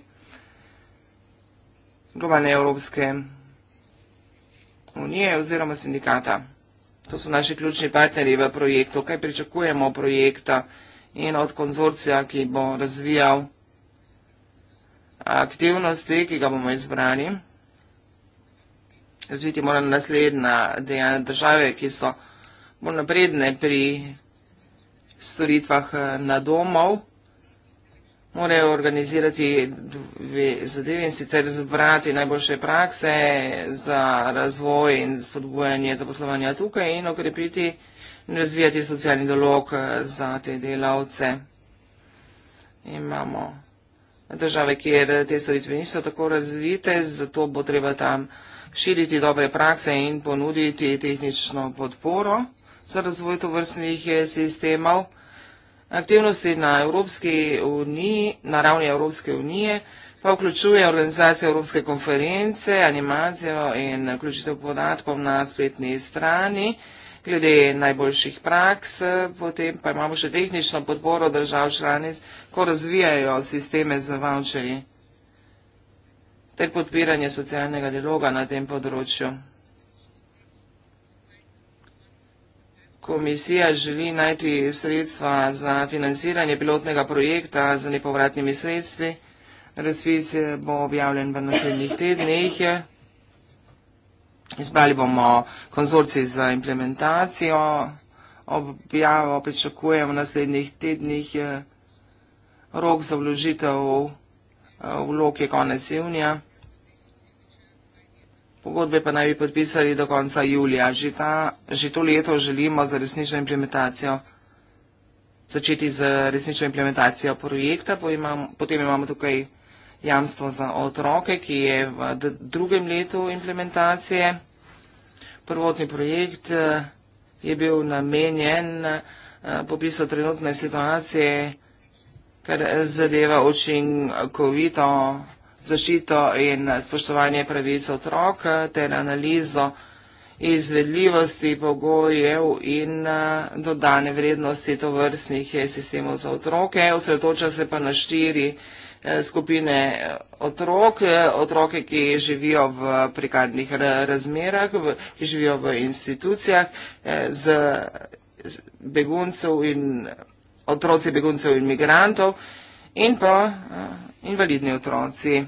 globalne Evropske unije oziroma sindikata. To so naši ključni partnerji v projektu. Kaj pričakujemo od projekta in od konzorcija, ki bo razvijal aktivnosti, ki ga bomo izbrali? Razviti moramo naslednja dejanja države, ki so bolj napredne pri storitvah eh, na domov, morajo organizirati dve zadeve in sicer zbrati najboljše prakse za razvoj in spodbujanje zaposlovanja tukaj in okrepiti in razvijati socialni dolog eh, za te delavce. Imamo države, kjer te storitve niso tako razvite, zato bo treba tam širiti dobre prakse in ponuditi tehnično podporo za razvoj tovrstnih eh, sistemov. Aktivnosti na, uniji, na ravni Evropske unije pa vključuje organizacijo Evropske konference, animacijo in vključitev podatkov na spletni strani glede najboljših praks, potem pa imamo še tehnično podporo držav članic, ko razvijajo sisteme za voucheri ter podpiranje socialnega dialoga na tem področju. komisija želi najti sredstva za financiranje pilotnega projekta za nepovratnimi sredstvi. Razpis bo objavljen v naslednjih tednih. Izbrali bomo konzorci za implementacijo. Objavo pričakujem v naslednjih tednih. Rok za vložitev eh, vlog je konec junija. Pogodbe pa naj bi podpisali do konca julija. Že, ta, že to leto želimo za resnično implementacijo začeti z resnično implementacijo projekta, potem imamo tukaj jamstvo za otroke, ki je v drugem letu implementacije. Prvotni projekt eh, je bil namenjen eh, popisu trenutne situacije, kar zadeva učinkovito zaščito in spoštovanje pravic otrok ter analizo izvedljivosti pogojev in eh, dodane vrednosti tovrstnih eh, sistemov za otroke. Osredotoča se pa na štiri eh, skupine otrok, otroke, ki živijo v prikarnih razmerah, ki živijo v institucijah z beguncev in otroci beguncev in migrantov in pa invalidni otroci.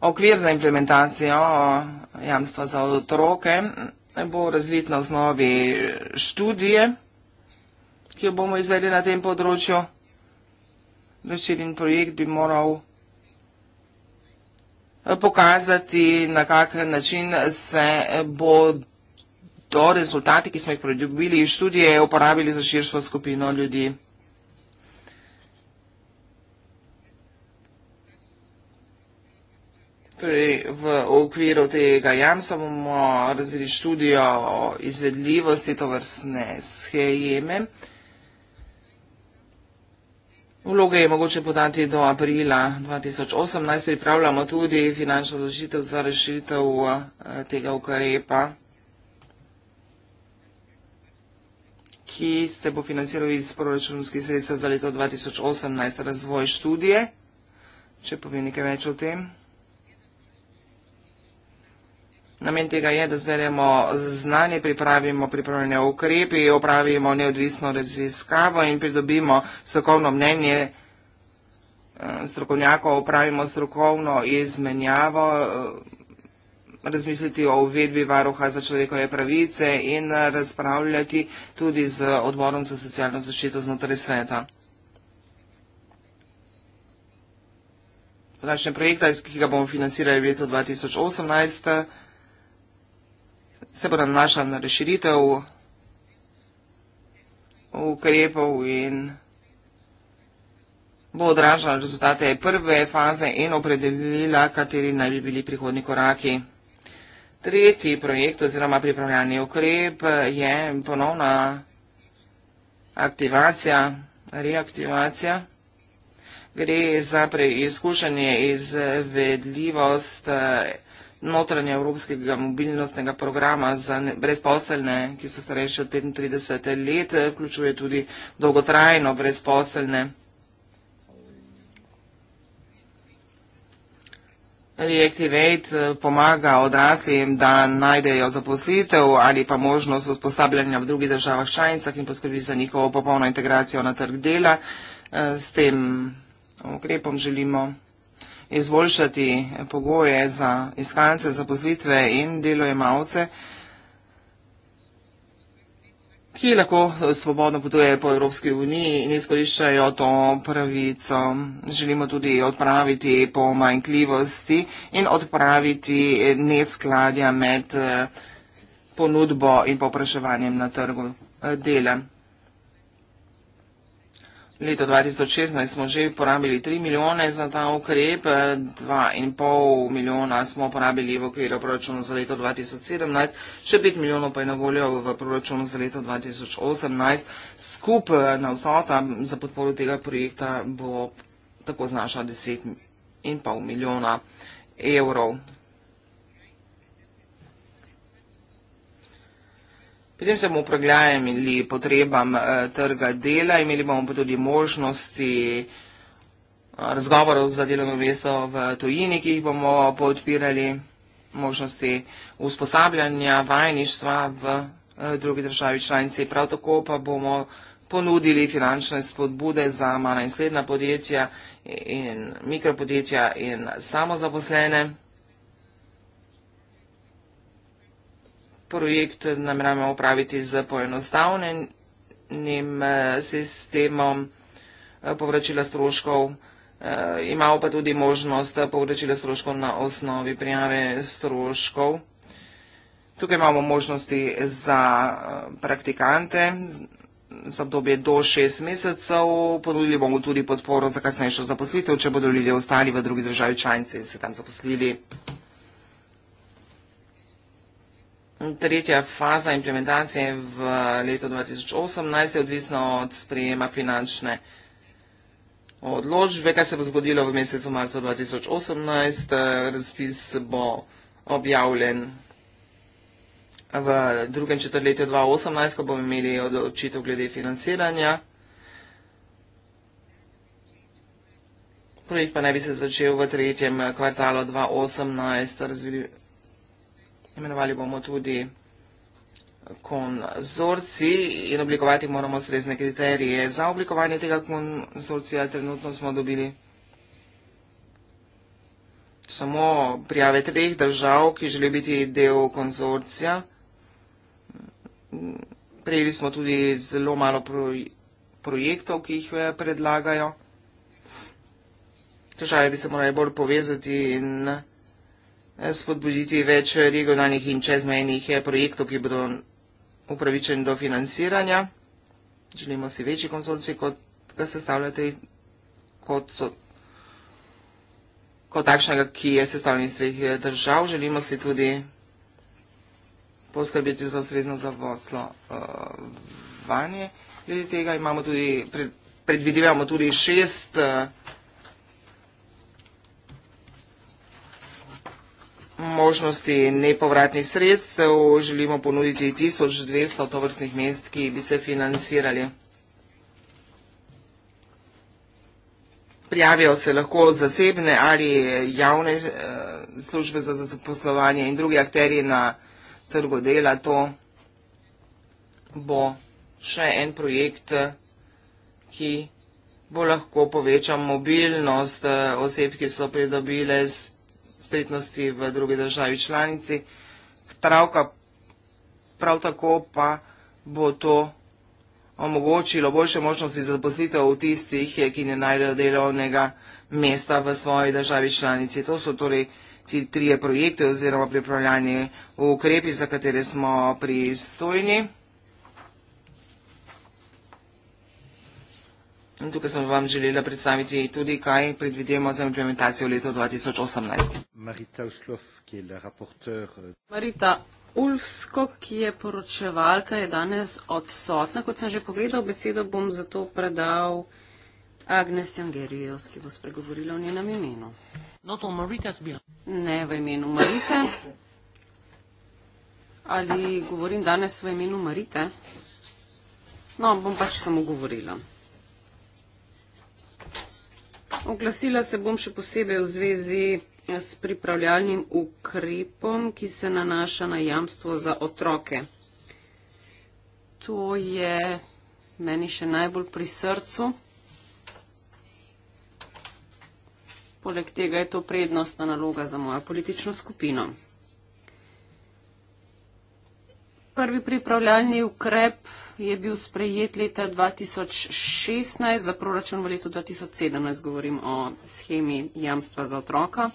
Okvir za implementacijo jamstva za otroke bo razvit na osnovi študije, ki jo bomo izvedli na tem področju. Večerin projekt bi moral pokazati, na kak način se bo dobro to rezultati, ki smo jih pridobili iz študije, uporabili za širšo skupino ljudi. Torej, v okviru tega jamstva bomo razvili študijo o izvedljivosti tovrstne scheme. Vloge je mogoče podati do aprila 2018. Pripravljamo tudi finančno odložitev za rešitev eh, tega ukrepa. ki se bo financiral iz proračunskih sredstev za leto 2018, razvoj študije, če povem nekaj več o tem. Namen tega je, da zberemo znanje, pripravimo pripravljene ukrepe, opravimo neodvisno raziskavo in pridobimo strokovno mnenje eh, strokovnjakov, opravimo strokovno izmenjavo, eh, razmisliti o uvedbi varuha za človekove pravice in razpravljati tudi z odborom za socialno zaščito znotraj sveta. Podačne projekta, ki ga bomo financirali v letu 2018, se bo nanašal na reširitev ukrepov in bo odražala rezultate prve faze in opredelila, kateri naj bi bili prihodni koraki. Tretji projekt oziroma pripravljalni ukrep je ponovna aktivacija, reaktivacija. Gre za preizkušanje izvedljivost eh, notranje evropskega mobilnostnega programa za brezposelne, ki so starejši od 35 let, eh, vključuje tudi dolgotrajno brezposelne programe. Reactivate eh, pomaga odraslim, da najdejo zaposlitev ali pa možnost usposabljanja v drugih državah članicah in poskrbi za njihovo popolno integracijo na trg dela. Eh, s tem ukrepom želimo izboljšati pogoje za iskalce, zaposlitve in delojemalce ki lahko eh, svobodno potujejo po Evropski uniji in izkoriščajo to pravico. Želimo tudi odpraviti pomanjkljivosti in odpraviti eh, neskladja med eh, ponudbo in popraševanjem na trgu dela. Leto 2016 smo že porabili 3 milijone za ta ukrep, 2,5 milijona smo porabili v okviru proračuna za leto 2017, še 5 milijonov pa je na voljo v proračunu za leto 2018. Skup na vsota za podporo tega projekta bo tako znašal 10,5 milijona evrov. Potem se bomo preglajali potrebam eh, trga dela, imeli bomo pa tudi možnosti eh, razgovorov za delovno mesto v tujini, ki jih bomo podpirali, možnosti usposabljanja, vajništva v eh, drugi državi članici. Prav tako pa bomo ponudili finančne spodbude za mala in sledna podjetja in mikropodjetja in samozaposlene. projekt namreme upraviti z poenostavnenim eh, sistemom eh, povračila stroškov. Eh, imamo pa tudi možnost povračila stroškov na osnovi prijave stroškov. Tukaj imamo možnosti za praktikante za obdobje do šest mesecev. Ponudili bomo tudi podporo za kasnejšo zaposlitev, če bodo ljudje ostali v drugi državi članici in se tam zaposlili. Tretja faza implementacije v letu 2018 je odvisna od sprejema finančne odločbe, kaj se bo zgodilo v mesecu marcu 2018. Razpis bo objavljen v drugem četrletju 2018, ko bomo imeli odločitev glede financiranja. Projekt pa naj bi se začel v tretjem kvartalu 2018. Razvili imenovali bomo tudi konzorci in oblikovati moramo srezne kriterije. Za oblikovanje tega konzorcija trenutno smo dobili samo prijave treh držav, ki želijo biti del konzorcija. Prejeli smo tudi zelo malo projektov, ki jih eh, predlagajo. Težave bi se morali bolj povezati in povezati spodbuditi več regionalnih in čezmejnih projektov, ki bodo upravičeni do financiranja. Želimo si večji konsolci, kot ga sestavljate, kot so kot takšnega, ki je sestavljen iz treh eh, držav. Želimo si tudi poskrbiti za ustrezno zavoslo eh, vanje. Ljudje tega imamo tudi, predvidevamo tudi šest vanje, eh, možnosti nepovratnih sredstev, želimo ponuditi 1200 tovrstnih mest, ki bi se financirali. Prijavijo se lahko zasebne ali javne eh, službe za zaposlovanje in drugi akteri na trgu dela. To bo še en projekt, ki bo lahko povečal mobilnost eh, oseb, ki so pridobile s tem, spretnosti v drugi državi članici. Travka prav tako pa bo to omogočilo boljše možnosti za zaposlitev v tistih, ki ne najdejo delovnega mesta v svoji državi članici. To so torej ti trije projekte oziroma pripravljanje ukrepi, za katere smo pristojni. In tukaj sem vam želela predstaviti tudi, kaj predvidemo za implementacijo v letu 2018. Eh, Marita Ulfskog, ki je poročevalka, je danes odsotna. Kot sem že povedal, besedo bom zato predal Agnes Jangerijos, ki bo spregovorila v njenem imenu. No ne v imenu Marite. Ali govorim danes v imenu Marite? No, bom pač samo govorila. Oglasila se bom še posebej v zvezi eh, s pripravljalnim ukrepom, ki se nanaša na jamstvo za otroke. To je meni še najbolj pri srcu. Poleg tega je to prednostna naloga za mojo politično skupino. Prvi pripravljalni ukrep je bil sprejet leta 2016, za proračun v letu 2017 govorim o schemi jamstva za otroka.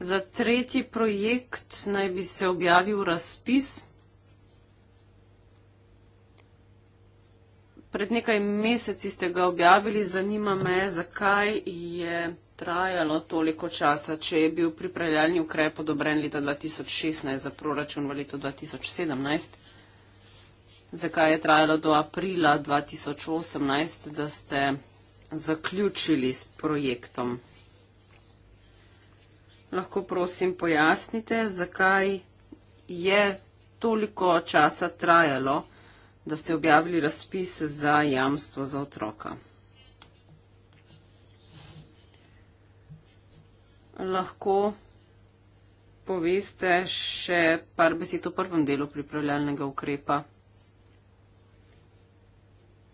Za tretji projekt naj bi se objavil razpis. pred nekaj meseci ste ga objavili, zanima me, zakaj je trajalo toliko časa, če je bil pripravljalni ukrep odobren leta 2016 za proračun v letu 2017. Zakaj je trajalo do aprila 2018, da ste zaključili s projektom? Lahko prosim pojasnite, zakaj je toliko časa trajalo da ste objavili razpis za jamstvo za otroka. Lahko poveste še par besed o prvem delu pripravljalnega ukrepa.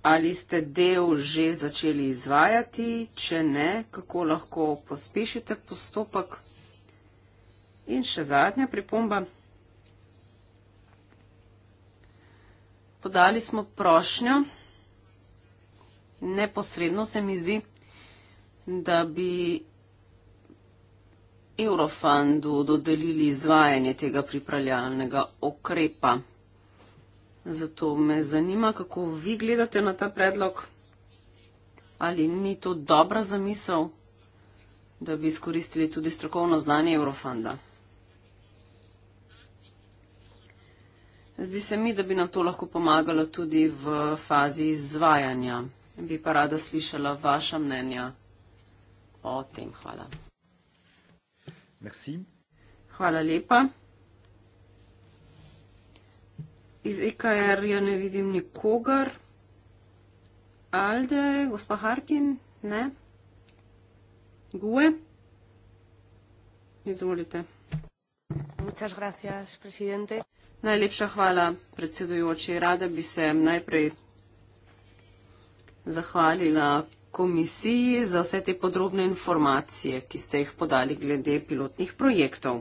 Ali ste del že začeli izvajati, če ne, kako lahko pospešite postopek? In še zadnja pripomba. podali smo prošnjo, neposredno se mi zdi, da bi Eurofandu dodelili izvajanje tega pripravljalnega okrepa. Zato me zanima, kako vi gledate na ta predlog, ali ni to dobra zamisel, da bi izkoristili tudi strokovno znanje Eurofanda. Zdi se mi, da bi nam to lahko pomagalo tudi v fazi izvajanja. Bi pa rada slišala vaša mnenja o tem. Hvala. Merci. Hvala lepa. Iz EKR ja ne vidim nikogar. Alde, gospa Harkin, ne? Gue? Izvolite. Muchas gracias, presidente. Najlepša hvala, predsedujoči. Rada bi se najprej zahvalila komisiji za vse te podrobne informacije, ki ste jih podali glede pilotnih projektov.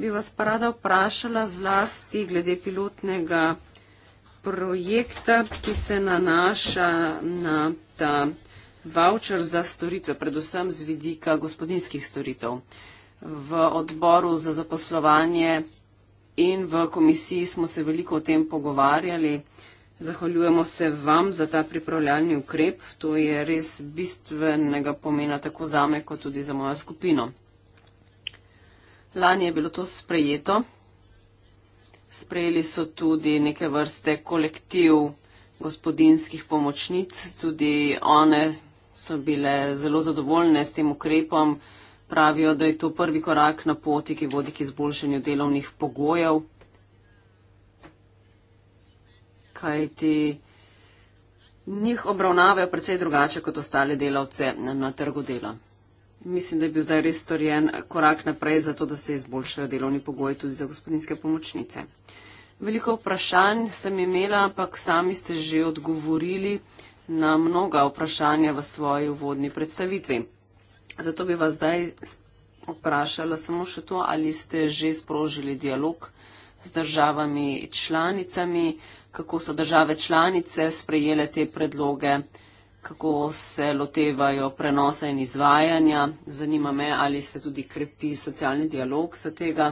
Bi vas pa rada vprašala zlasti glede pilotnega projekta, ki se nanaša na ta voucher za storitve, predvsem z vidika gospodinskih storitev. V odboru za zaposlovanje in v komisiji smo se veliko o tem pogovarjali. Zahvaljujemo se vam za ta pripravljalni ukrep, to je res bistvenega pomena tako zame, kot tudi za mojo skupino. Lani je bilo to sprejeto. Sprejeli so tudi neke vrste kolektiv gospodinskih pomočnic, tudi one so bile zelo zadovoljne s tem ukrepom pravijo, da je to prvi korak na poti, ki vodi k izboljšanju delovnih pogojev. Kaj ti njih obravnavajo precej drugače kot ostale delavce na trgu dela. Mislim, da je bil zdaj res storjen korak naprej za to, da se izboljšajo delovni pogoji tudi za gospodinske pomočnice. Veliko vprašanj sem imela, ampak sami ste že odgovorili na mnoga vprašanja v svoji uvodni predstavitvi. Zato bi vas zdaj vprašala samo še to, ali ste že sprožili dialog z državami članicami, kako so države članice sprejele te predloge, kako se lotevajo prenosa in izvajanja. Zanima me, ali se tudi krepi socialni dialog za tega.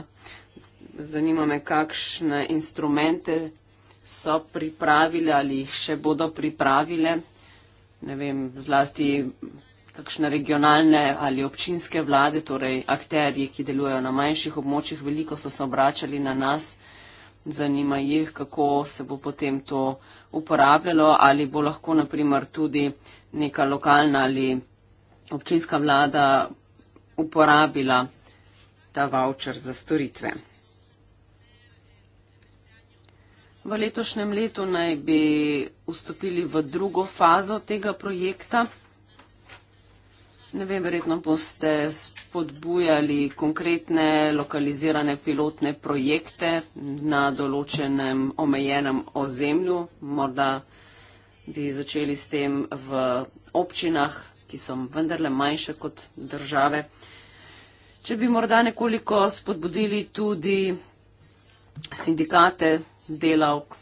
Zanima me, kakšne instrumente so pripravile ali jih še bodo pripravile. Ne vem, zlasti kakšne regionalne ali občinske vlade, torej akterji, ki delujejo na manjših območjih, veliko so se obračali na nas, zanima jih, kako se bo potem to uporabljalo, ali bo lahko naprimer tudi neka lokalna ali občinska vlada uporabila ta voucher za storitve. V letošnjem letu naj bi vstopili v drugo fazo tega projekta ne vem, verjetno boste spodbujali konkretne lokalizirane pilotne projekte na določenem omejenem ozemlju. Morda bi začeli s tem v občinah, ki so vendarle manjše kot države. Če bi morda nekoliko spodbudili tudi sindikate delavk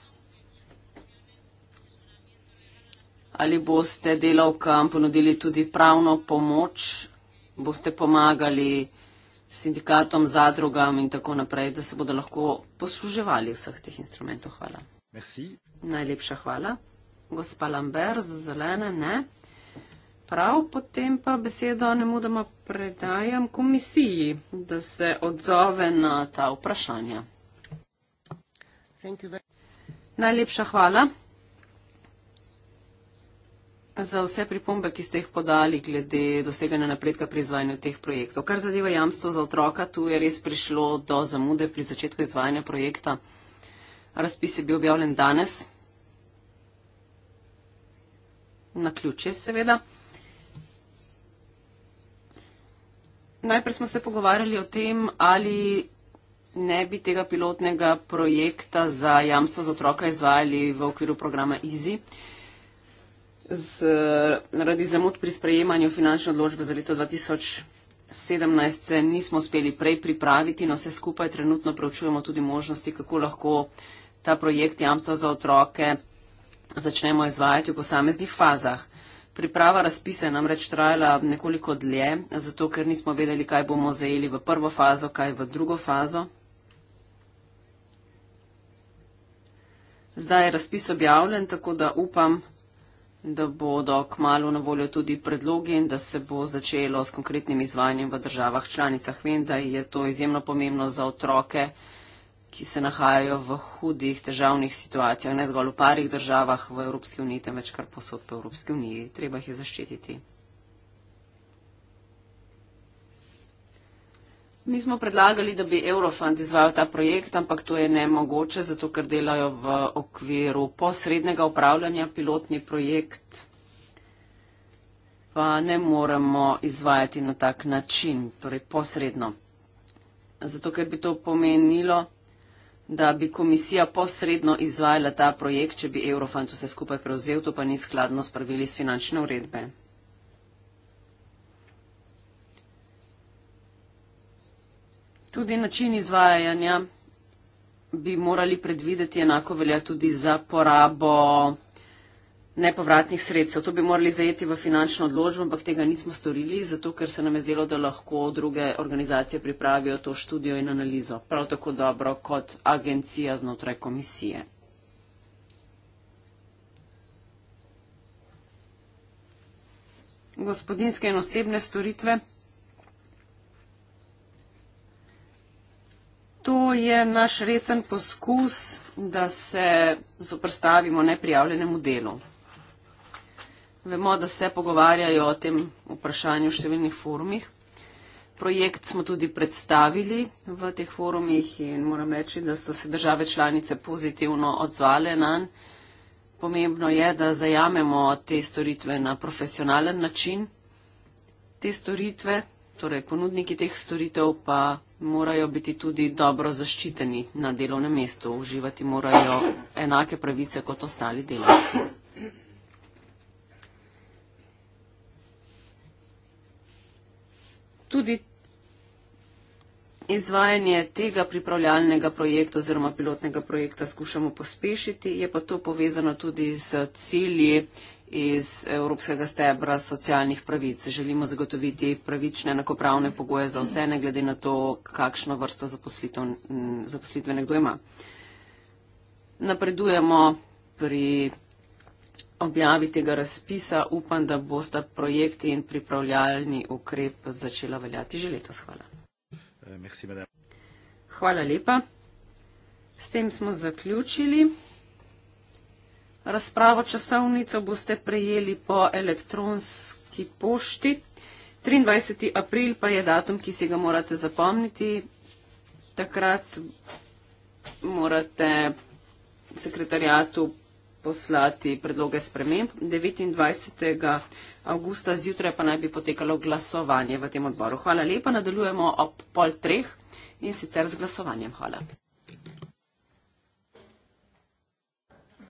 Ali boste delavkam ponudili tudi pravno pomoč, boste pomagali sindikatom, zadrugam in tako naprej, da se bodo lahko posluževali vseh teh instrumentov? Hvala. Merci. Najlepša hvala. Gospa Lambert, za zelene ne. Prav, potem pa besedo ne mudoma predajam komisiji, da se odzove na ta vprašanja. Najlepša hvala za vse pripombe, ki ste jih podali glede doseganja napredka pri izvajanju teh projektov. Kar zadeva jamstvo za otroka, tu je res prišlo do zamude pri začetku izvajanja projekta. Razpis je bil objavljen danes. Na ključe, seveda. Najprej smo se pogovarjali o tem, ali ne bi tega pilotnega projekta za jamstvo za otroka izvajali v okviru programa EASY zaradi zamud pri sprejemanju finančne odločbe za leto 2017 se nismo uspeli prej pripraviti, no vse skupaj trenutno preučujemo tudi možnosti, kako lahko ta projekt jamstva za otroke začnemo izvajati v posameznih fazah. Priprava razpisa je namreč trajala nekoliko dlje, zato ker nismo vedeli, kaj bomo zajeli v prvo fazo, kaj v drugo fazo. Zdaj je razpis objavljen, tako da upam, da bodo k malu na voljo tudi predlogi in da se bo začelo s konkretnim izvajanjem v državah članicah. Vem, da je to izjemno pomembno za otroke, ki se nahajajo v hudih državnih situacijah, ne zgolj v parih državah v Evropski uniji, temveč kar posod po Evropski uniji. Treba jih je zaščititi. Mi smo predlagali, da bi Eurofund izvajal ta projekt, ampak to je nemogoče, zato ker delajo v okviru posrednega upravljanja pilotni projekt. Pa ne moremo izvajati na tak način, torej posredno. Zato ker bi to pomenilo, da bi komisija posredno izvajala ta projekt, če bi Eurofund vse skupaj prevzel, to pa ni skladno s pravili iz finančne uredbe. Tudi način izvajanja bi morali predvideti enako velja tudi za porabo nepovratnih sredstev. To bi morali zajeti v finančno odložbo, ampak tega nismo storili, zato ker se nam je zdelo, da lahko druge organizacije pripravijo to študijo in analizo. Prav tako dobro kot agencija znotraj komisije. Gospodinske in osebne storitve. to je naš resen poskus, da se zoprstavimo neprijavljenemu delu. Vemo, da se pogovarjajo o tem vprašanju v številnih forumih. Projekt smo tudi predstavili v teh forumih in moram reči, da so se države članice pozitivno odzvale na nj. Pomembno je, da zajamemo te storitve na profesionalen način. Te storitve, torej ponudniki teh storitev pa morajo biti tudi dobro zaščiteni na delovnem mestu, uživati morajo enake pravice kot ostali delavci. Tudi izvajanje tega pripravljalnega projekta oziroma pilotnega projekta skušamo pospešiti, je pa to povezano tudi z cilji, iz evropskega stebra socialnih pravic. Želimo zagotoviti pravične, enakopravne pogoje za vse, ne glede na to, kakšno vrsto zaposlitve nekdo ima. Napredujemo pri objavi tega razpisa. Upam, da boste projekti in pripravljalni ukrep začela veljati že letos. Hvala. Eh, merci, Hvala lepa. S tem smo zaključili. Razpravo časovnico boste prejeli po elektronski pošti. 23. april pa je datum, ki si ga morate zapomniti. Takrat morate sekretarjatu poslati predloge sprememb. 29. augusta zjutraj pa naj bi potekalo glasovanje v tem odboru. Hvala lepa, nadaljujemo ob pol treh in sicer z glasovanjem. Hvala.